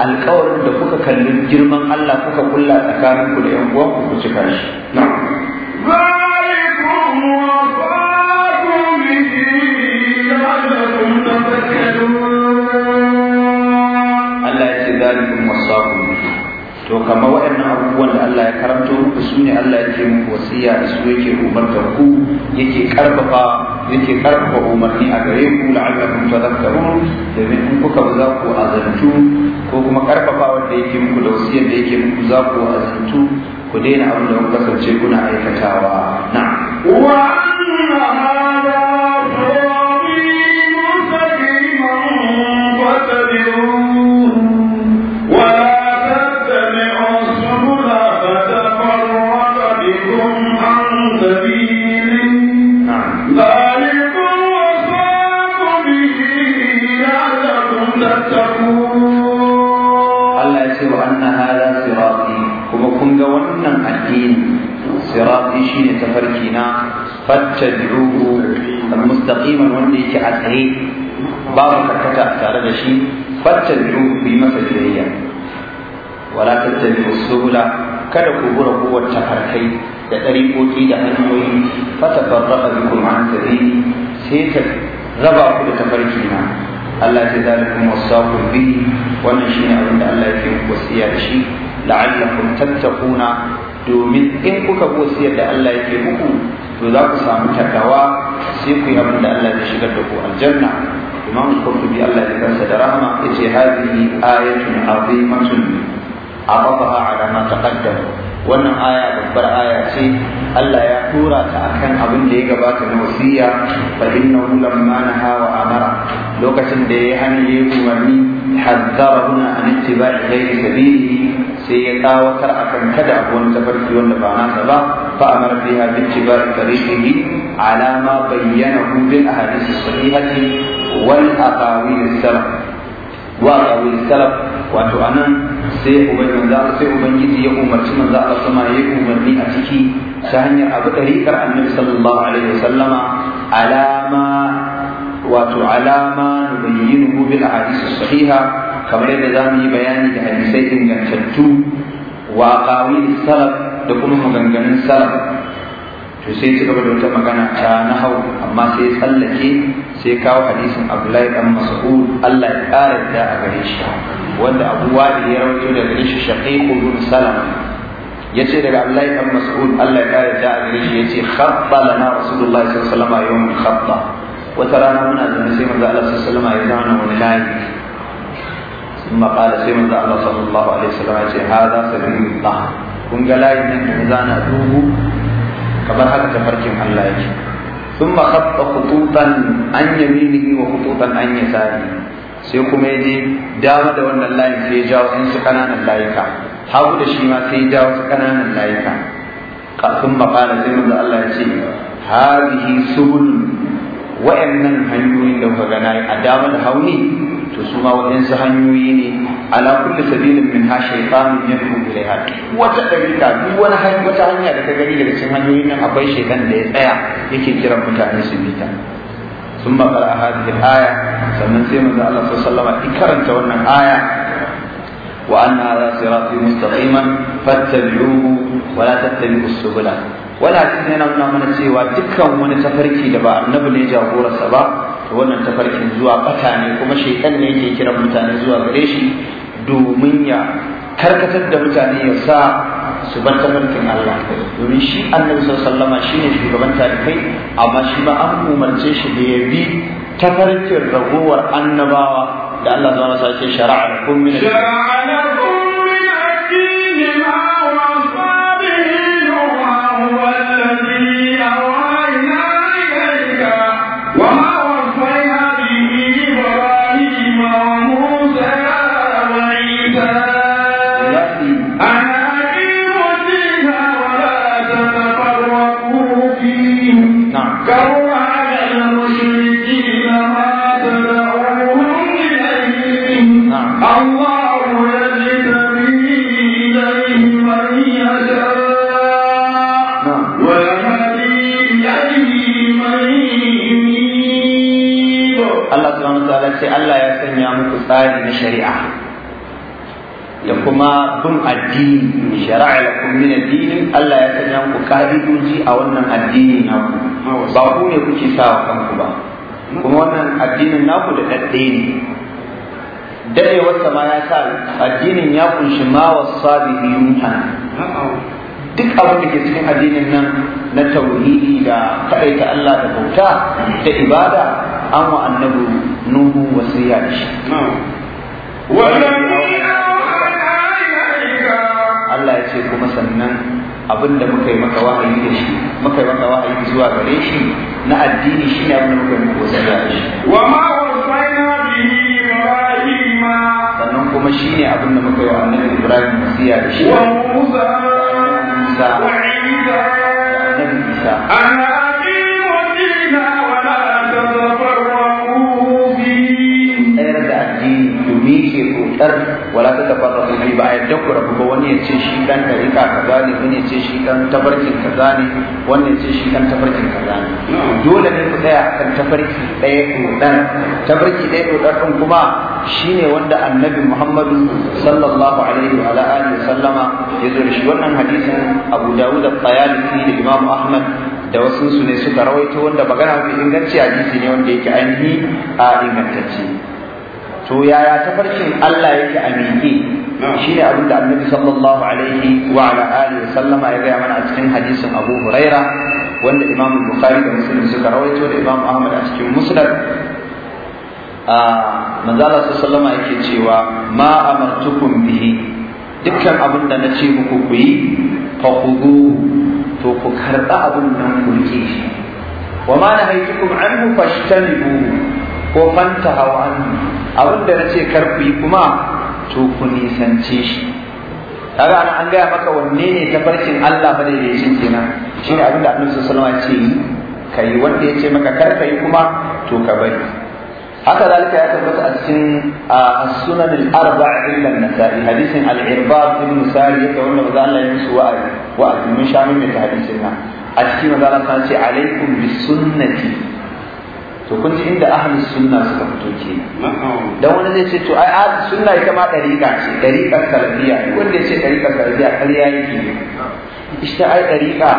alqawlin da kuka kalli girman Allah kuka kulla tsakanin ku da yan uwan ku cika shi Allah ya ce zalikum wasakum to kamar waɗannan abubuwan da Allah ya karanto muku su ne Allah ya ce muku wasiya su yake umarta ku yake karfafa yake karfafa umarni a gare ku la'allakum tadhakkarun domin in kuka ba za ku azantu ko kuma karfafa wanda yake muku da wasiyar da yake muku za ku azantu ku daina abin da kuka kasance kuna aikatawa na fattabi'uhu mustaqiman wanda yake a tsaye babu karkata tare da shi fattabi'uhu bi masa biyayya wala tattabi'u subula kada ku gura kowar tafarkai da ɗariƙoƙi da hanyoyi fatafarraqa bikum an sabili sai ta raba ku da tafarki na Allah ta zalikum wasaqu bi wannan shine abin da Allah yake muku wasiya da shi la'allakum tattaquna domin in kuka wasiyar da Allah yake uku. to za ku samu takawa sai ku yi abin da Allah ya shigar da ku aljanna imam qurtubi Allah ya kansa da rahama yace hadhihi ayatun azimatun ababaha ala ma taqaddama wannan aya babbar aya ce Allah ya tura ta akan abin da ya gabata na wasiya fa innahu lamma naha wa amara lokacin da ya hani ya umarni hazzarahuna an ittiba'i ghairi sabilihi sai ya tsawatar akan kada wani tafarki wanda ba nasa ba fa amara biha bi ittiba'i tariqihi ala ma bayyanahu bil ahadith sahihati wal aqawil salaf wa aqawil salaf wato anan sai ubangiji sai ubangiji ya umarci manzo Allah sama ya umarni a ciki ta hanyar abu dariƙar annabi sallallahu alaihi wasallama alama wato alama nubayyinuhu bil ahadith sahiha kamar yadda zamu yi bayani da hadisai ingantattu wa qawil salaf da kuma maganganun salaf to sai suka gaba da wata magana ta nahau amma sai tsallake sai kawo hadisin abdullahi dan mas'ud Allah ya ƙara da a gare shi wanda abu wadi ya rawaito da gare shi shaqiqu bin salam yace daga abdullahi dan mas'ud Allah ya ƙara da a gare shi yace khabba lana rasulullahi sallallahu alaihi wasallam yawmul khabba wata rana muna zama sai manzo Allah sallallahu alaihi wasallam ya zauna wani layi ثم قال سيما الله صلى الله عليه وسلم هذا سبيل الله kun ga layin nan da zana dubu kamar haka tafarkin Allah yake ثم خط خطوطا عن wa hututan an يساره sai kuma ya je dama da wannan layin sai ya jawo in su kananan layuka hagu da shi ma sai ya jawo su kananan layuka kafin makala sai manzo Allah ya ce hadihi subul wa'annan hanyoyin da kuka gana a dama da hauni to su ma waɗansu hanyoyi ne ala kulli sabilin min ha shaytanun yad'u ilayha wata dalika duk wani hanya wata hanya da ka gani daga cikin hanyoyin nan akwai shaytan da ya tsaya yake kiran mutane su bi ta ثم قرأ هذه الآية فمن سيما الله صلى الله عليه وسلم إكرمت وأن الآية وأن هذا صراطي مستقيما فاتبعوه ولا تتبعوا السبل ولا تنهنا من سوى دكا ومن تفركي دبا النبي جابور ba? to wannan tafarkin zuwa bata ne kuma shekan ne yake kira mutane zuwa gare shi domin ya karkatar da mutane ya sa su bar tafarkin Allah domin shi annabi sallallahu alaihi shine shugaban tarihi amma shi ba an umarce shi da ya bi tafarkin ragowar annabawa da Allah zai sa shi shara'a kun min shara'a tsari na shari'a ya kuma bin addini mai shari'a ya kuma addinin Allah ya sanya ku ka'idoji a wannan addinin naku ba ku ne kuke sa wa kanku ba kuma wannan addinin naku da ɗaɗɗe ne daɗewarsa ma ya sa addinin ya kunshi ma wasa bihi duk abin da ke cikin addinin nan na tauhidi da kaɗaita Allah da bauta da ibada an wa annabi nuhu wasiya da shi Allah ya ce kuma sannan abinda muka yi maka wahayi da shi muka yi maka wahayi zuwa gare shi na addini shi ne abinda muka yi maka wasu da shi wa ma wasaina bihi ibrahim sannan kuma shi ne abinda muka yi wa annabi ibrahim wasiya da shi wa musa wa isa isa dan wala ta tafarrud bi ba a ayat ku rabu ba wani ya ce shi dan ɗari ka ka ne wani ya ce shi dan tabarkin kaza ne wani ya ce shi dan tabarkin kaza ne dole ne ku tsaya kan tafarki ɗaya ko ɗan tafarki ɗaya ko ɗan kuma shine wanda annabi muhammadu sallallahu alaihi wa alihi wasallama ya zo da shi wannan hadisin abu dawud da bayani da imam ahmad da wasu su ne suka rawaito wanda magana mafi inganci a ne wanda yake ainihi a ingantacce to yaya tafarkin Allah yake a miƙe shi ne abin da annabi sallallahu alaihi wa ala alihi wa sallama ya gaya mana a cikin hadisin Abu Huraira wanda Imam Bukhari da Muslim suka rawaito da Imam Ahmad a cikin Musnad a manzala sallama yake cewa ma amartukum bihi dukkan abin da na ce muku ku yi fa to ku karɓa abin nan ku shi wa ma nahaytukum anhu fashtanibu ko manta hawan abin da na ce kar yi kuma to ku nisance shi kaga ana an gaya maka wanne ne tafarkin Allah madaidaicin kenan shine abin da Annabi sallallahu alaihi wasallam ce kai wanda yace maka kar yi kuma to ka bari haka zalika ya tabbata a cikin as-sunan al-arba' illa an-nasa'i hadisin al-irbad ibn sari ya wanda da Allah ya musu wa'azi wa'azi mun sha mai hadisin nan a cikin maza ce alaikum bis sunnati to kun ji inda ahli sunna suka fito kenan dan wani zai ce to ai ahli sunna ita ma dariqa ce dariqa salafiyya wanda ya ce dariqa salafiyya kariya yake ita ai dariqa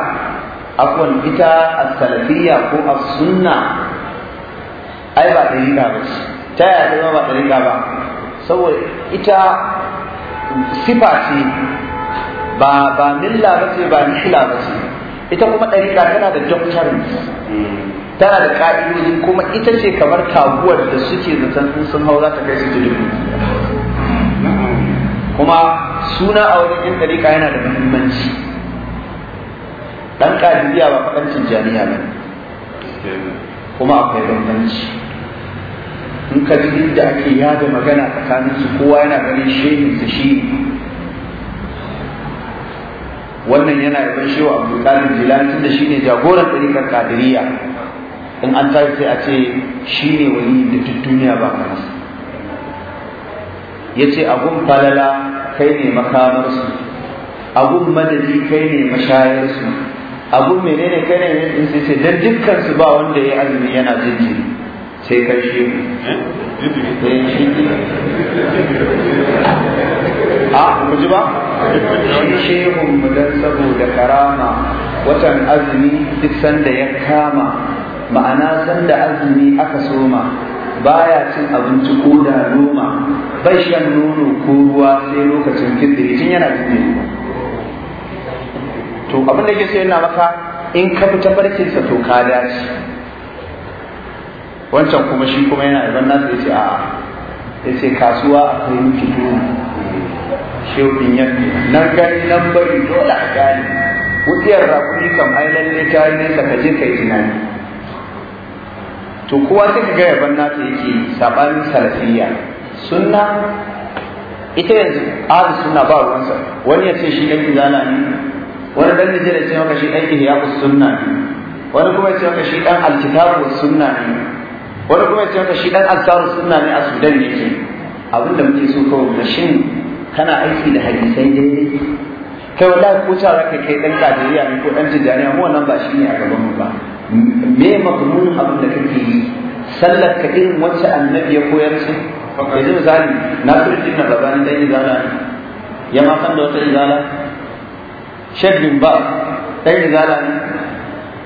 afwan ita as-salafiyya ko as-sunna ai ba dariqa ba ce ta yaya zama ba dariqa ba saboda ita sifa ce ba ba milla ba ce ba nihila ba ce ita kuma dariqa tana da doctrines hmm. tana da ka'idoji kuma ita ce kamar taguwar da suke zaton in sun hau za ta kai su jirgin. kuma suna a wajen yin dariƙa yana da muhimmanci ɗan ƙadiriya ba faɗancin jami'a ba kuma akwai bambanci in ka ji inda ake yada magana tsakanin su kowa yana ganin shehin su shi wannan yana yaban shewa abdulkadir jilani tunda shine jagoran ɗariƙar ƙadiriya in an tashi sai a ce shi ne wani da duk duniya ba ka sa ya ce abun falala kai ne makamarsu abun madadi kai ne mashayarsu abun menene kai ne in sai sai dan dukkan su ba wanda ya azumi yana jinjiri sai kai shi a ku ji ba shi shehun mu dan saboda karama watan azumi duk sanda ya kama ma'ana sanda azumi aka soma baya cin abinci ko da noma bai shan nono ko ruwa sai lokacin fitiri tun yana cikin to abin da ke sai yana maka in ka fita sa to ka dace wancan kuma shi kuma yana da na ya ce a'a ya ce kasuwa akwai miki dole shefin yanki nan gani nan bari dole a gani wutiyar rakuni kam ai lalle ta yi nesa ka je ka yi tunani to kowa sai ka ga yaban nasa yake sabanin salafiyya sunna ita yanzu ahli sunna ba ruwansa wani ya ce shi dan zana ne wani dan nije da ce maka shi dan us sunna ne wani kuma ya ce maka shi dan us sunna ne wani kuma ya ce maka shi dan us sunna ne a sudan yake abinda muke so kawai da shin kana aiki da hadisai daidai kai wallahi ko ta zaka kai dan kadiriya ne ko dan tijaniya mu wannan ba shi ne a gaban mu ba me mafhumin abin da kake yi sallar ka irin wacce annabi ya koyar ce yanzu misali na turki na rabani dan izala ya ma san da wata izala shek bin ba dan izala ne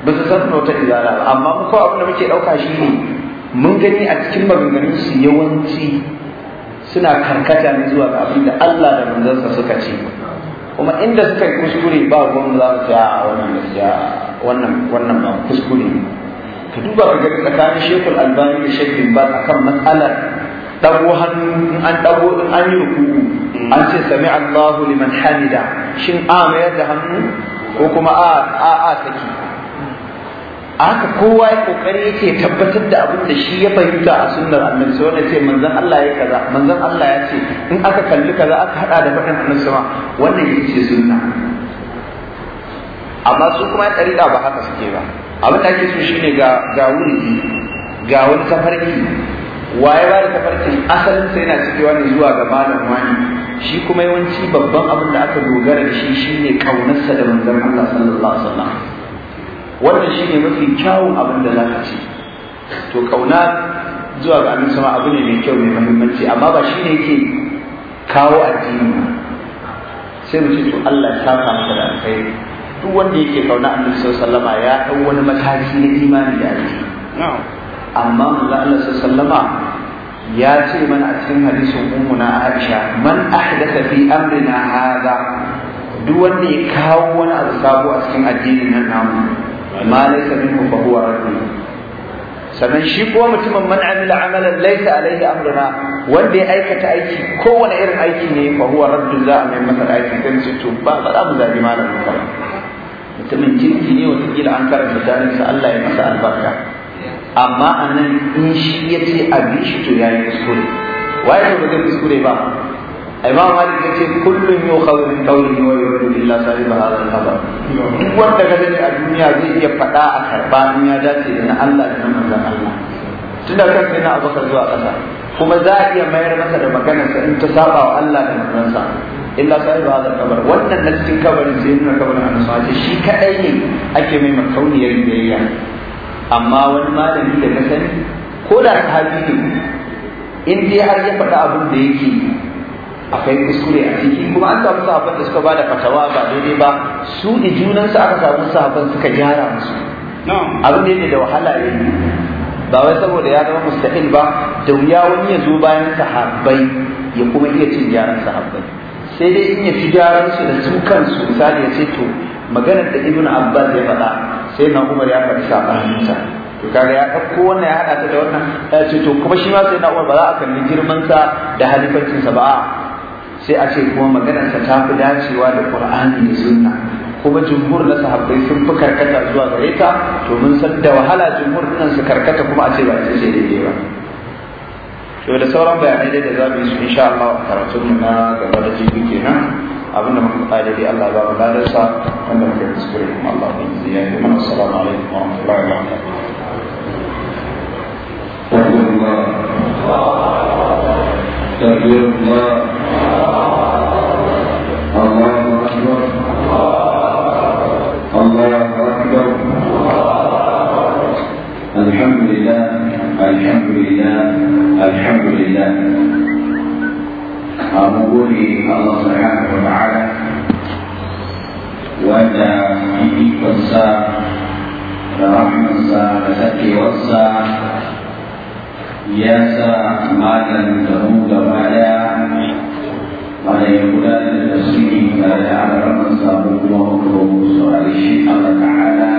ba su san wata izala ba amma mu abin da muke ɗauka shi ne mun gani a cikin maganganun su yawanci suna karkata ne zuwa ga abin da Allah da manzansa suka ce kuma inda suka yi kuskure ba gwamnati za a wannan gaskiya wannan wannan ba kuskure ka duba ka ga tsakanin shekul albani da shekin ba akan matsalar dago hannu in an dago in an yi rukuku mm. an ce sami Allahu liman hamida shin a mayar da hannu ko kuma a a a saki haka kowa ya kokari yake tabbatar da abin da shi ya fahimta a sunnar annabi sai wanda ce manzon Allah ya kaza manzon Allah ya ce in aka kalli kaza aka hada da faɗin annabi sama wannan yake sunna amma su kuma ya ɗariƙa ba haka suke ba abin da ake so shine ga ga wuri ga wani tafarki waye ba da tafarkin asalin sai yana cikewa ne zuwa ga malam wani shi kuma yawanci babban abin da aka dogara da shi shine kaunarsa da manzon Allah sallallahu alaihi wasallam wannan shine mafi kyawun abin da zaka ci, to kauna zuwa ga amin sama abu ne mai kyau mai muhimmanci amma ba shine yake kawo addini sai mu ce to Allah ya saka maka da alkhairi duk wanda yake kauna annabi sallama ya dau wani mataki na imani da addini amma manzo Allah sallama ya ce mana a cikin hadisin na Aisha man ahdatha fi amrina hadha duk wanda ya kawo wani abu sabo a cikin addinin nan namu ma laysa minhu fa huwa raddu sannan shi kuwa mutumin man amila amalan laysa alayhi amruna wanda ya aikata aiki ko wani irin aiki ne fa huwa raddu za a mai masa aiki dan ce to ba ba za mu zabi malamin ka mutumin kirki ne wata kila an karanta tarihinsa Allah ya masa albarka amma anan in shi yace abin a bi shi to yayi kuskure waye ne ba zai kuskure ba imam malik yace kullun yukhadhu min qawlihi wa yurdu illa sahiba hadha al-khabar duk wanda ka gani a duniya zai iya faɗa a karba in ya dace da Allah da na manzon Allah tunda kan sai na abubakar zuwa ƙasa kuma za a iya mayar masa da maganarsa in ta saba wa Allah da manzonsa illa sahiba hadha al-khabar wannan na cikin kabarin sai nuna kabarin annabi shi kadai ne ake mai makauniyar biyayya amma wani malami da ka sani ko da sahabi ne in dai har ya faɗa abin da yake akwai kuskure a ciki kuma an samu sahabban da suka bada fatawa ba daidai ba su da junansu aka samu sahabban suka gyara musu abin da da wahala ya yi ba wai saboda ya zama mustahil ba da wuya wani ya zo bayan sahabbai ya kuma iya cin gyaran sahabbai sai dai in ya ci gyaran su da su kansu misali ya ce to maganar da ibn abbas ya faɗa sai na umar ya faɗi hannunsa. to kaga ya ɗauko wannan ya haɗa ta da wannan ya ce to kuma shi ma sai na umar ba za a kalli girman da halifancinsa ba sai a ce kuma maganarsa ta fi dacewa da qur'ani da sunna kuma jumhur na sahabbai sun fi karkata zuwa gare ta to mun san da wahala jumhur nan su karkata kuma a ce ba ita ce daidai ba to da sauran bayanai da za mu yi su insha Allah karatun mu na gaba da jibi kenan abin da muka faɗa dai Allah ba mu sa. wanda muka yi kuskure kuma Allah ba mu ziyaye mana assalamu alaikum wa rahmatullahi wa barakatuh. Allah, الحمد لله الحمد لله أقول الله سبحانه وتعالى وأنت حبيب وصى رحمة وصى وزكي وصى ياسى ما لم تموت بعدا بعد يقول التسليم فلا يعلم رمز الله وكرمه سؤال الشيخ الله تعالى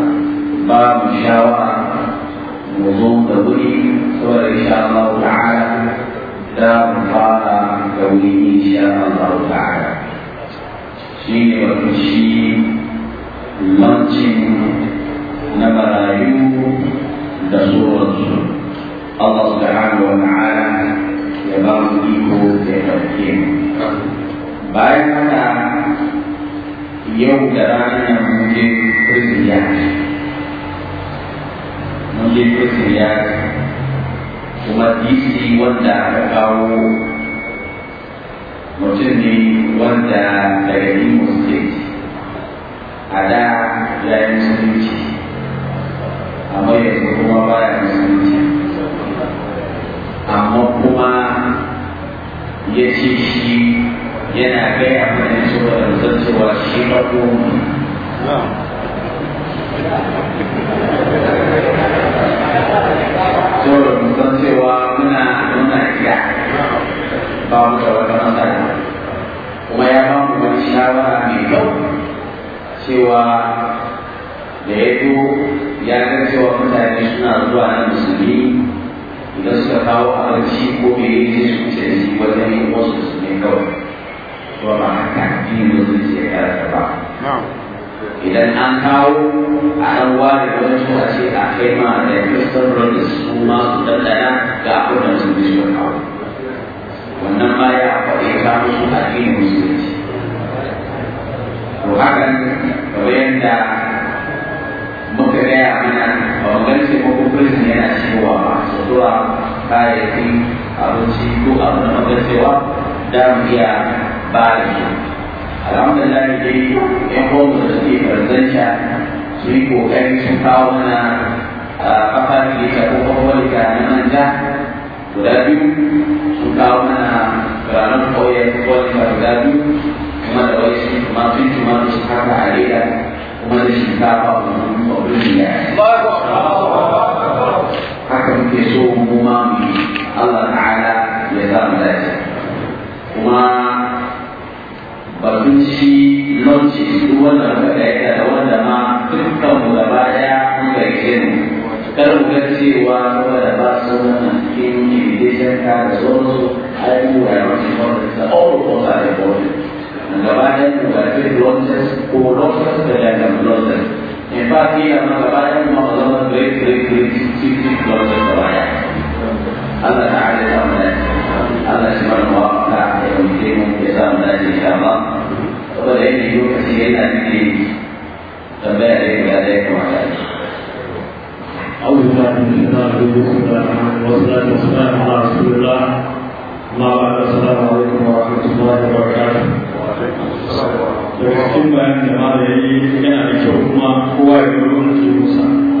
ba mu shawara mu zo da wuri saboda insha Allah ta'ala da mu fara da wuri insha Allah ta'ala shi ne wato shi lancin na marayu da sauransu Allah subhanahu wa ta'ala ya ba mu iko da ya ɗauke bayan haka yau da ranar mun للحسنيات kuma DC wanda aka kawo mutum ne wanda daga Imo State a da yayin musulunci amma yanzu kuma baya musulunci amma kuma ya ce shi yana gaya mana saboda musancewa shi ba ne dole mu san cewa muna iya ba kuma ya ba wani shawara mai kyau cewa da ya ya suna zuwa musulmi idan suka kawo abinci ko wasu ba haka addinin musulunci ya ba. idan an kawo a ɗan ware wani a ce a kai ma da kristan ronis su ma su dandana ga abin da sun ji kawo wannan ma ya faɗi ka musu addinin musulunci to hakan kamar yadda muka gaya mana ba mu gani sai ko prison yana cewa masu zuwa kayayyakin abinci ko abu na magancewa da mu iya ba da shi alhamdulillah dai yan kuma da suke farzanta su yi kokari sun kawo mana kafar da manja mana ranar koyar kwakwalita guda biyu kuma da wai sun cuma sun kuma su haka a leda kuma da shinkafa kuma mabudin ya haka muke so Allah ta'ala ya samu dace batun shi launci duk wanda muka aika da wanda ma dukkan mu gaba daya muka aike mu kar mu ga cewa wanda ba su wannan cikin invitation ka da sauransu ai mu ya wani wannan da all of us are important gaba daya mu ga ce launches ko launches da ya ga launches in fact ina ma gaba daya mu ma zama great great great cikin launches gaba daya Allah ta'ala ya Allah shi wa ta'ala muslimu ya samu da ake sha ba saboda yadda lokaci ya na nake tambaya da yadda da ya kamata ne. Abubuwa da ke za a zo da suka da ke yi ma kuma wani su ba da ba ka da wani kuma da wani kuma da wani kuma da wani kuma da wani kuma da wani kuma da wani kuma da wani kuma da wani kuma da wani kuma da wani kuma da wani kuma da wani kuma da wani kuma da wani kuma da wani kuma da wani kuma da wani kuma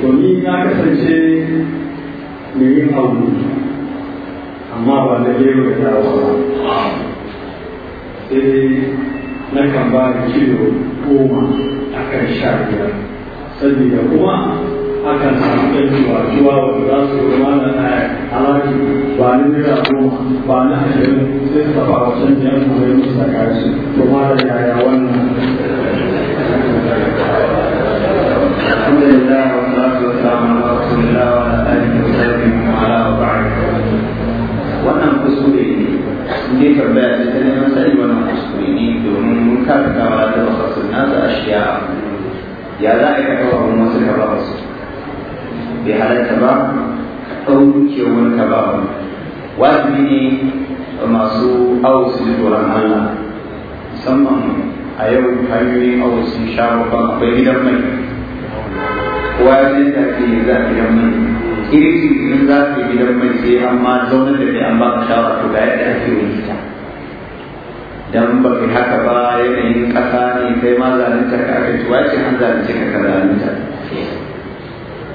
domin ya kasance mai yin abu amma ba da yau da dawa ba sai na kan ba da kilo goma a kan sha biyar saboda kuma akan samu ɗan juwa-juwa wanda za su zama na alaƙi ba ni naira goma ba na ashirin sai su taɓa wasan biyar su zai musu da kashi to ma da yaya wannan Alhamdulillah wannan kuskure ne ne tambaya a cikin neman sani wannan kuskure ne domin mun kafa kawa da wasu nasu ashiya ya za a yi kafa wa wasu ka ba wasu bai halatta ba ka ɗauke wani ka ba wani wajibi ne masu awo su ji tsoron Allah musamman a yau hanyoyin awo sun sha babban akwai gidan mai kowa ya san da ake yanzu a gidan mai iri irin in za su yi gidan mai sai amma zaunar da kai an ba ka shawara to ga yadda ake yin ta dan ba kai haka ba yanayin ƙasa ne kai ma zalunta ka aka ci wace an zalunce ka ka zalunta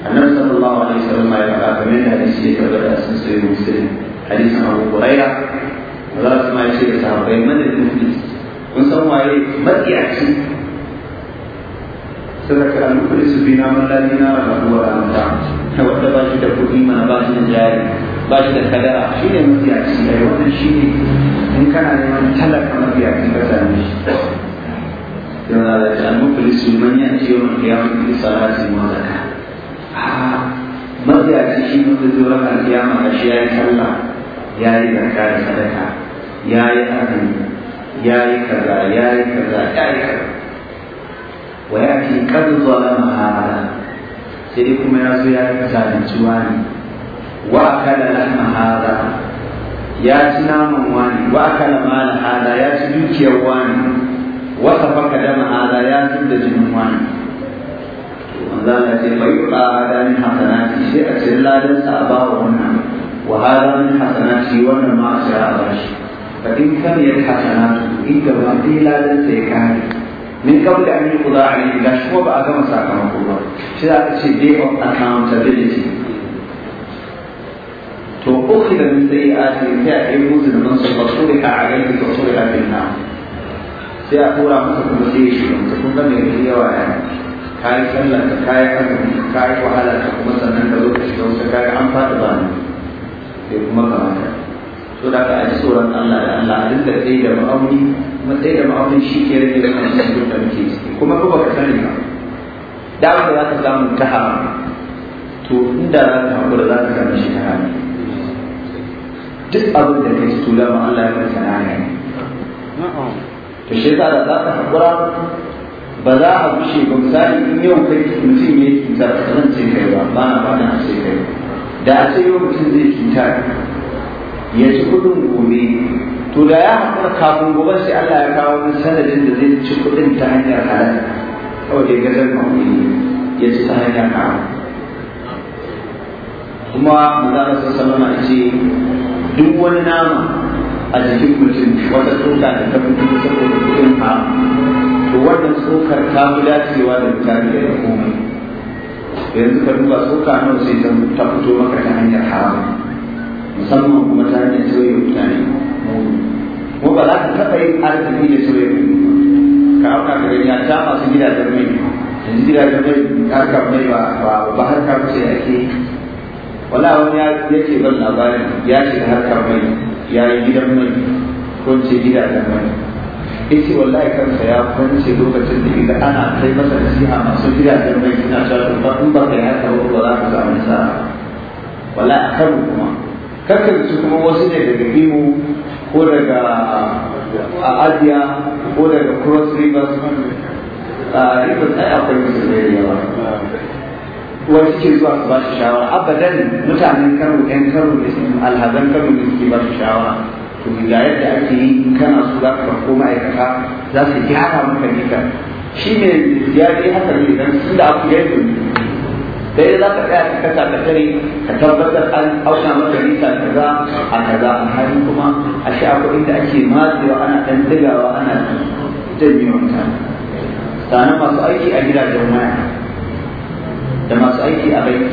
annabi sallallahu alaihi wasallam ya faɗa kamar da hadisi ya tabbata sun sai muslim hadisin abu huraira za su ma ce da sahabbai madadin kun san waye matsiyaci saboda al-mukhlisu bina man la dinara lahu wa la mata wanda ba shi da kuɗi mana ba shi da jari ba shi da kadara shi ne mafiyaci ai wannan shi ne in kana neman talaka mafiyaci ka same shi yana da ta al-mukhlisu man ya'ti yawm al-qiyamah bi salatin wa zakah ah shi ne da zuwa al-qiyama da shi yayi sallah yayi zakka da sadaka kaza kaza kaza wa ya ce kan zalama hada sai dai kuma ya zo ya zalunci wani wa akala lahma hada ya ci naman wani wa akala mala hada ya ci dukiyar wani wa safaka dama ya ci da jinin wani manzo Allah ce fa yuqa hada a cikin ladan a bawa wannan wa hada wannan ma a shi fa in kan ya gaba ya kare min kabla an yuqda alayhi gashi kuma ba a gama sakamako ba shi za ka ce day of accountability to ukhida min sayyi'ati sai a yi musu da mansu ba su rika a gani ba su rika bin na sai a tura masa kuma sai ya shiga mutum kun ga mai yawa ya kayi ka kayi azumi kayi wahala ka kuma sannan ka zo ka shiga wasu kayi an ba ne sai kuma kamata so da ka ji tsoron Allah da Allah a dinga tsaye da ma'auni kuma tsaye da ma'auni shi ke rage da kan shi da muke ciki kuma ko baka sani ba da wanda za ka samu ta haram to inda za ka hakura za ka samu shi ta haram duk abin da kai tura, ma Allah ya masa ne to shi yasa da za ka hakura ba za a gushe ba misali in yau kai mutum ya yi cuta ba zan ce kai ba ba na ba na ce kai da a ce yau mutum zai cuta ya ci kudin gobe to da ya haƙura kafin gobe sai Allah ya kawo min sanadin da zai ci kudin ta hanyar halal kawai da ya gazar ma'amuli ya ci ta hanyar haram kuma manzara sassalona a ce duk wani nama a jikin mutum wata tsoka da ta mutu saboda kudin ha to wannan tsokar ta fi dacewa da mutane da komai yanzu ka duba tsoka nan sai ta fito maka ta hanyar haram musamman kuma ta hanyar sauya mutane ko ba za ka taɓa yin arziki da sauya mutane ka auka ka gani ta masu gidajen mai yanzu gidajen mai harkar mai ba ba harkar ce ke. wala wani ya ce ban labarin ya ce harkar mai ya yi gidan mai ko ce gidajen mai Ita wallahi kansa ya kwance lokacin da idan ana kai masa nasiha masu gidajen mai suna cewa in ba ka yi haka ba za ka samu nasara Wala a karo kuma kakanci kuma wasu ne daga ihu ko daga asiya ko daga cross rivers a rivers ai akwai musu ne yawa wani suke zuwa su ba shi shawara abadan mutanen kano yan kano su alhazan kano da suke ba su shawara to ga yadda ake yi in kana so za ka farko ma'aikata za su gyara maka ne shi ne ya yi haka ne don sun da abu yadda kai za ka tsaya ka kasa ka tare ka tabbatar an auka maka nisa kaza a kaza a hari kuma a sha kuɗin da ake matsewa ana ɗan digawa ana janye mutane sannan masu aiki a gidajen waya da masu aiki a banki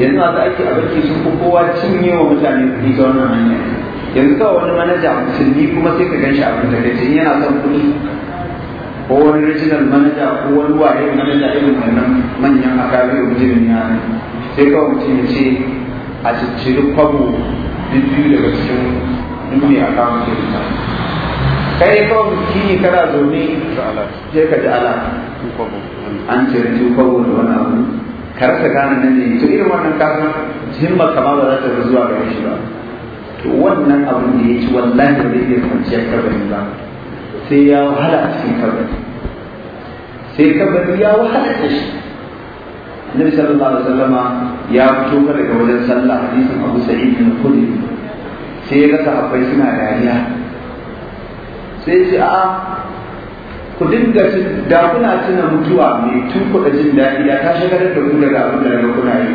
yanzu masu aiki a banki sun fi kowa cinye wa mutane kuɗi ta wannan hanya yanzu kawai wani manaja musulmi kuma sai ka gan shi abin da kai yana son kuɗi ko wani regional manager ko wani waye manager irin wannan manyan akabi a mutumin ya ne sai kawai mutum ya ce a cikin kwabo biyu daga cikin duniya a kawo mutum ta kai kawai ne kana zaune sai ka ji ala an ce da cikin kwabo da wani abu ka gane nan ne to irin wannan kafin himmar kama ba za ta zuwa ga shi ba to wannan abu da ya ci wallahi ya zai iya kwanciyar kabari ba sai ya wahala a cikin kabari sai kabari ya wahala da shi annabi sallallahu alaihi wasallama ya fito kada daga wajen sallah hadisin Abu Sa'id bin Khudri sai ya ga sahabbai suna dariya sai ce a ku dinga da kuna tuna mutuwa mai kuɗa jin daɗi ya ta shagarar da ku daga abin da daga kuna yi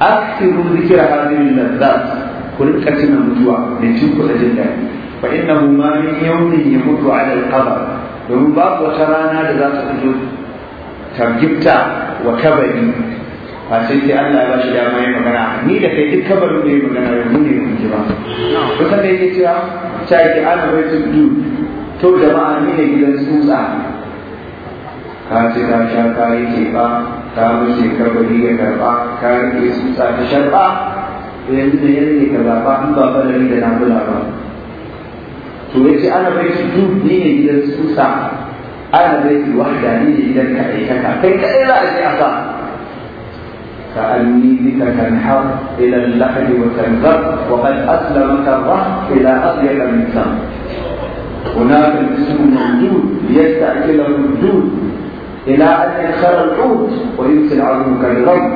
aksiru zikira hadirin lazzat ku dinga tuna mutuwa mai kuɗa jin daɗi fa innahu ma min yawmin yamutu ala al-qabr domin babu wata rana da za ta fito targibta wa kabari ba sai sai Allah ya ba shi dama ya magana ni da kai duk kabarin da ya magana yau ne mun ba kusa da yake cewa ta ne gidan tsutsa ka ce sha kabari ya karɓa ka tsutsa ta sharɓa yanzu da yanzu ne ka zaɓa in ba fadari da na bula ba to انا بيت baiti duk ne ne انا tsusa ana baiti wahda ne ne gidan kai كأني بك تنحر إلى اللحد وتنذر وقد أسلمك الرهب إلى أضيق من هناك الجسم موجود ليستأكله الجود إلى أن يكسر الحوت ويمسل عظمك الغم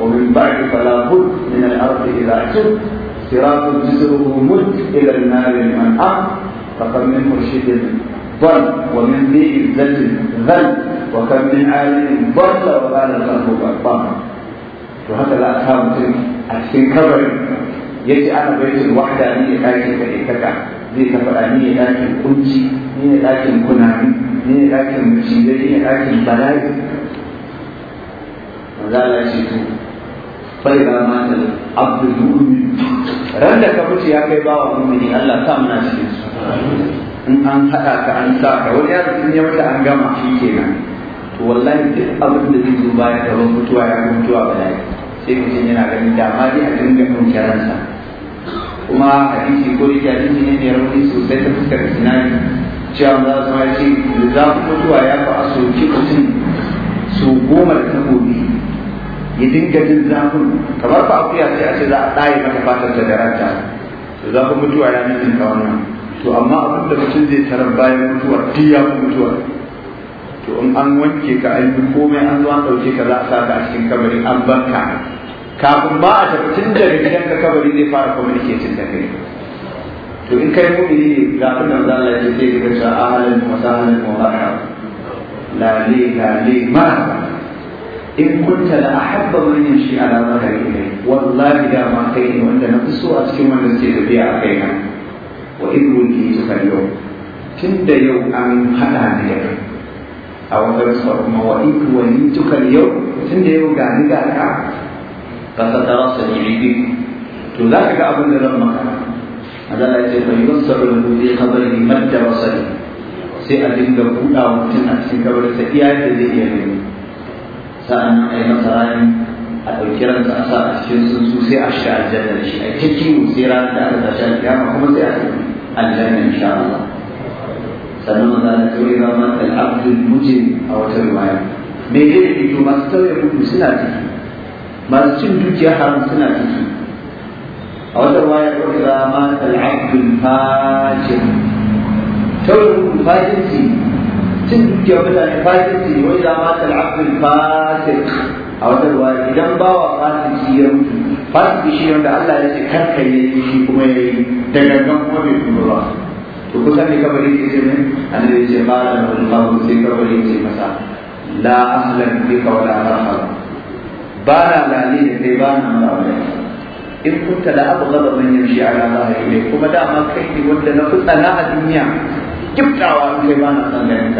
ومن بعد فلا بد من الأرض إذا سد صراط جسره مد إلى النار من فقد من مرشد ضل ومن ذي ذل ذل وكم من عالم ضل وقال الخلق غلطان وهكذا أفهم أحسن كبر يجي أنا بيت الوحدانية لكن كإتكا زي كفرانية لكن كنتي ني لكن كنامي ني لكن مشيدي ني لكن بلاي وذا لا شيء فإذا مات العبد المؤمن رندك متي يا كيبا ومؤمني الله تامنا شيء in an haɗa ka an sa ka wani yaro in ya mutu an gama shi kenan to wallahi duk abin da zai zo baya da mutuwa ya ga mutuwa ba dai sai mutum yana ganin dama dai a dinga ɗauke ransa kuma hadisi ko da hadisi ne ya rauni sosai ta fuskar sinani cewa za su ma ce za ku mutuwa ya fa a soki mutum su goma da takobi ya dinga jin zafin kamar ba akuya sai a ce za a ɗaye maka fatar da daranta to ku mutuwa ya nufin ka wannan to amma abin da mutum zai tarar bayan mutuwar diya mutuwar to in an wanke ka an yi komai an zo an ka za a sa ka a cikin kabarin an ka kafin ba a tafi tun da gidan ka kabari zai fara communication da kai to in kai mu ne ga abin da za Allah ya ce ga cewa ahalan wa sahalan wa ba'a lale lale ma in kunta la ahabba man yamshi ala zahri wallahi da ma kai ne wanda na fi so a cikin wanda suke tafiya a kai na wa in wulli ta yau tun da yau an haɗa ni da kai a wajen rasuwa kuma wa in wulli ta yau tun da yau ga ni ga ka ba ta tara sa ni to za ka ga abin da zan maka a zala ce fa yusarru lahu fi ni madda ne sai a dinga buɗa mutum a cikin ta iya da zai iya gani a yi masa rani a ɗauki ransa a sa a cikin sun su sai a shiga aljanna da shi a ta kiwo sai ranar da aka tashi alkiyama kuma sai a tafi aljanna sha Allah sannan maza da ma rama al'abdul muje a wata riwaya me da fito masu tauye mutu suna ciki masu cin dukiya haram suna ciki a wata riwaya kawai rama al'abdul fajir tauye mutu fajirci cin dukiya mutane fajirci wai rama al'abdul fajir a wata ruwa idan bawa fasiki ya mutu fasiki shi wanda Allah ya ce ya yi shi kuma ya yi da gangan kuma bai tuba ba to kusa ne kabari yake ce min annabi ya ce ba da mutum ba sai kabari ya ce masa la aslan bi ka wala ba na lalle da kai ba na mara in kunta da abu gaba man yamshi ala zahiri kuma dama kai ne wanda na fi na a duniya kiftawa kai ba na san ganin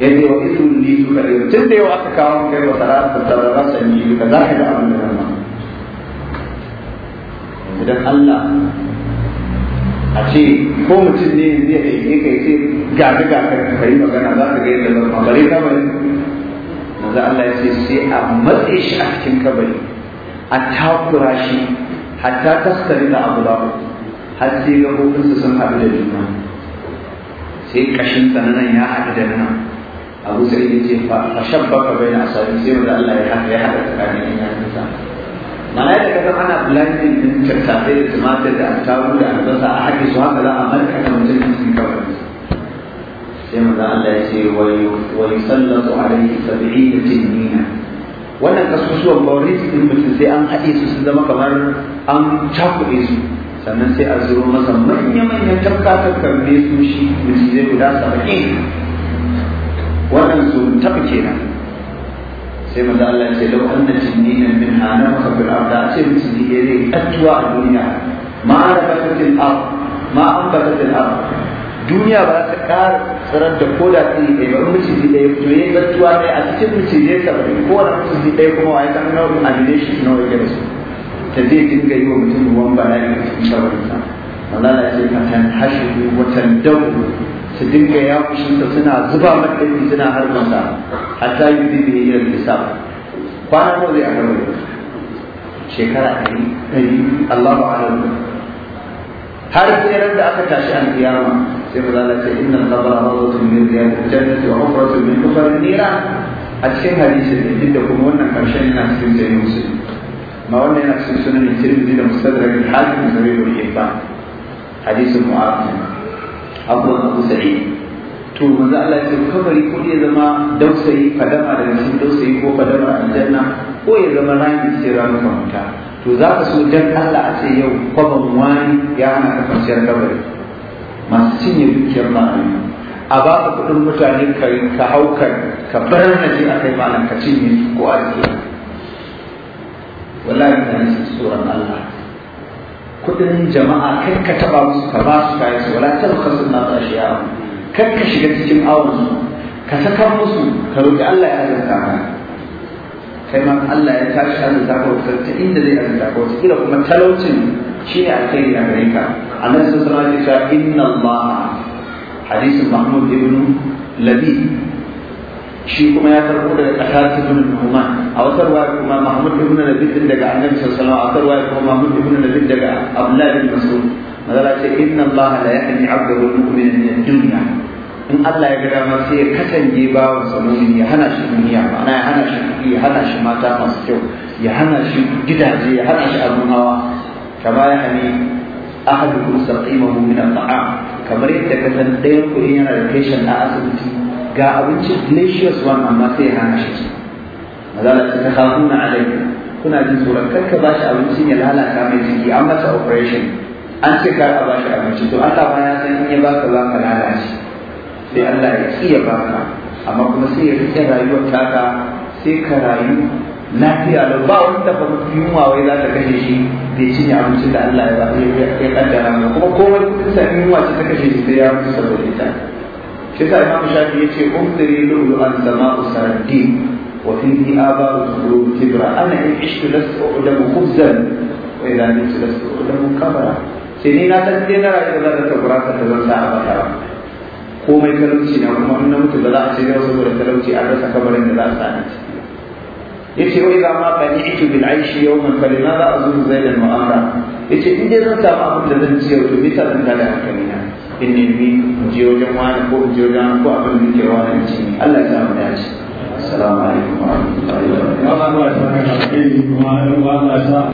yace wa ismun li duka da tun da yau aka kawo kai wa salatu tarara san li duka za ka da abin da nan idan Allah a ce ko mutum ne zai aike kai ce ga ga ga ka yi magana za ka ga yadda zan magare ka bane manzo Allah ya ce sai a matse shi a cikin kabari a takura shi hatta taskari da abu da har sai gabobinsa sun haɗu da juna sai kashin sananan ya haɗu da nan abu sai ya ce fa shabba ka bai na asali sai wanda Allah ya haka ya haka tsakanin ya nisa mana ya daga ana blending din tattafe da tumatir da attaru da albasa a haka su haka za a marka da mutum cikin kawai sai maza Allah ya ce wa yusallatu alaihi sab'ina tinnina wannan kasusuwan bauri din mutum sai an haɗe su su zama kamar an cakuɗe su sannan sai a zuro masa manya-manyan tafka tafkar ne su shi mutum zai guda saba'in wannan su taɓa kenan sai maza Allah ya ce lau an da jini nan min hana maka fir'aun a ce musu ne zai ɗattuwa a duniya ma da bakatin ab ma an bakatin ab duniya ba za ta ƙara tsarar da ko da tsiri ɗaya ba miciji ɗaya to yi ɗattuwa ɗaya a cikin ta bari ko wani ji ɗaya kuma wa ya san nau'in amination nawa ya su ta zai dinga yi wa mutum ruwan bala'i a cikin sabarinsa. Allah ya ce ka tan hashu watan dabu su dinga ya kushinta suna zuba maɗaɗi suna har masa hatta yi zai yi irin bisa kwana ko zai aka mai shekara ɗari ɗari Allah ba alam har sai ran da aka tashi an kiyama sai mu zala ce inna sabra rawatun min riyadil jannati wa ufratun min ufarin nira a cikin hadisin da duk da kuma wannan ƙarshen yana cikin sai musulmi ma wannan yana cikin sunan tirmidhi da mustadrak al-hakim da yi bai ba hadisin mu'azzam abu abu yi. to manzo Allah ya ce kabari ko ya zama dausayi fadama da cikin dausayi ko fadama janna ko ya zama rami ce rami wuta to za ka so dan Allah a ce yau kwaban wani ya hana ka kwanciyar kabari masu cinye dukiyar ma'ana a ba ka kuɗin mutane ka hau ka bar na ji a kai malam ka cinye ko a wallahi mutane su tsoron Allah kudin jama'a kai ka taba musu ka ba su kayan su wala ta kasu na ta shi yawo ka shiga cikin awon su ka saka musu ka roƙi Allah ya azurta ka kai ma Allah ya tashi azurta ka wata ta inda zai azurta ka wata kila kuma talaucin shine alkhairi a gare ka annabi sallallahu alaihi wasallam ya inna Allah hadisin Mahmud ibn Labi shi kuma ya karɓo daga ƙasar ta zumin kuma a wasar ruwa kuma mahmud ibn nabid din daga annabi sallallahu alaihi wasallam a wata ruwa kuma mahmud ibn nabid daga abdullahi bin mas'ud madara ce inna allaha la yahdi 'abdahu mu'minan min ad-dunya in Allah ya ga dama sai ya kasance bawan sa mu'min ya hana shi duniya ma'ana ya hana shi kuɗi ya hana shi mata masu kyau ya hana shi gidaje ya hana shi abun hawa kama ya hani ahadukum saqimahu min at-ta'am kamar yadda ka san ɗayan ku in yana da patient a asibiti ga abinci delicious one amma sai ya hana shi mazala ta na alaika kuna jin tsoron karka ba shi abincin ya lalata mai jiki an masa operation an ce kar a ba shi abinci to an ba ya san in ya ka ba ka lalace sai Allah ya ki ya baka amma kuma sai ya rike rayuwar taka sai ka rayu lafiya da ba wani taba yunwa wai za ka kashe shi bai cinye abincin da Allah ya ba ya kaddara kuma komai kusa yunwa ce ta kashe shi sai ya mutu saboda ita shi ta imamu shafi ya ce umdiri lulu an sama usardi wa fihi abaru tuqulu tibra ana in ishtu lastu udamu khubzan wa idha nitu lastu udamu kabara sai ni na san dai na rayu da ta gurata ta zan sa a bakara komai talauci na kuma in na mutu ba za a ce yau saboda talauci a rasa kabarin da za a sa يتي وإذا ما بنيت بالعيش يوما فلماذا أظن زيدا وآرا يتي إن جزن سامع كل ذن سيرو تبيتا من دالي أحكمينا إن نبي جيو جموان كو جيو جان كو أبن بي كيوان يتيني ألا كام دعش السلام عليكم ورحمة الله وبركاته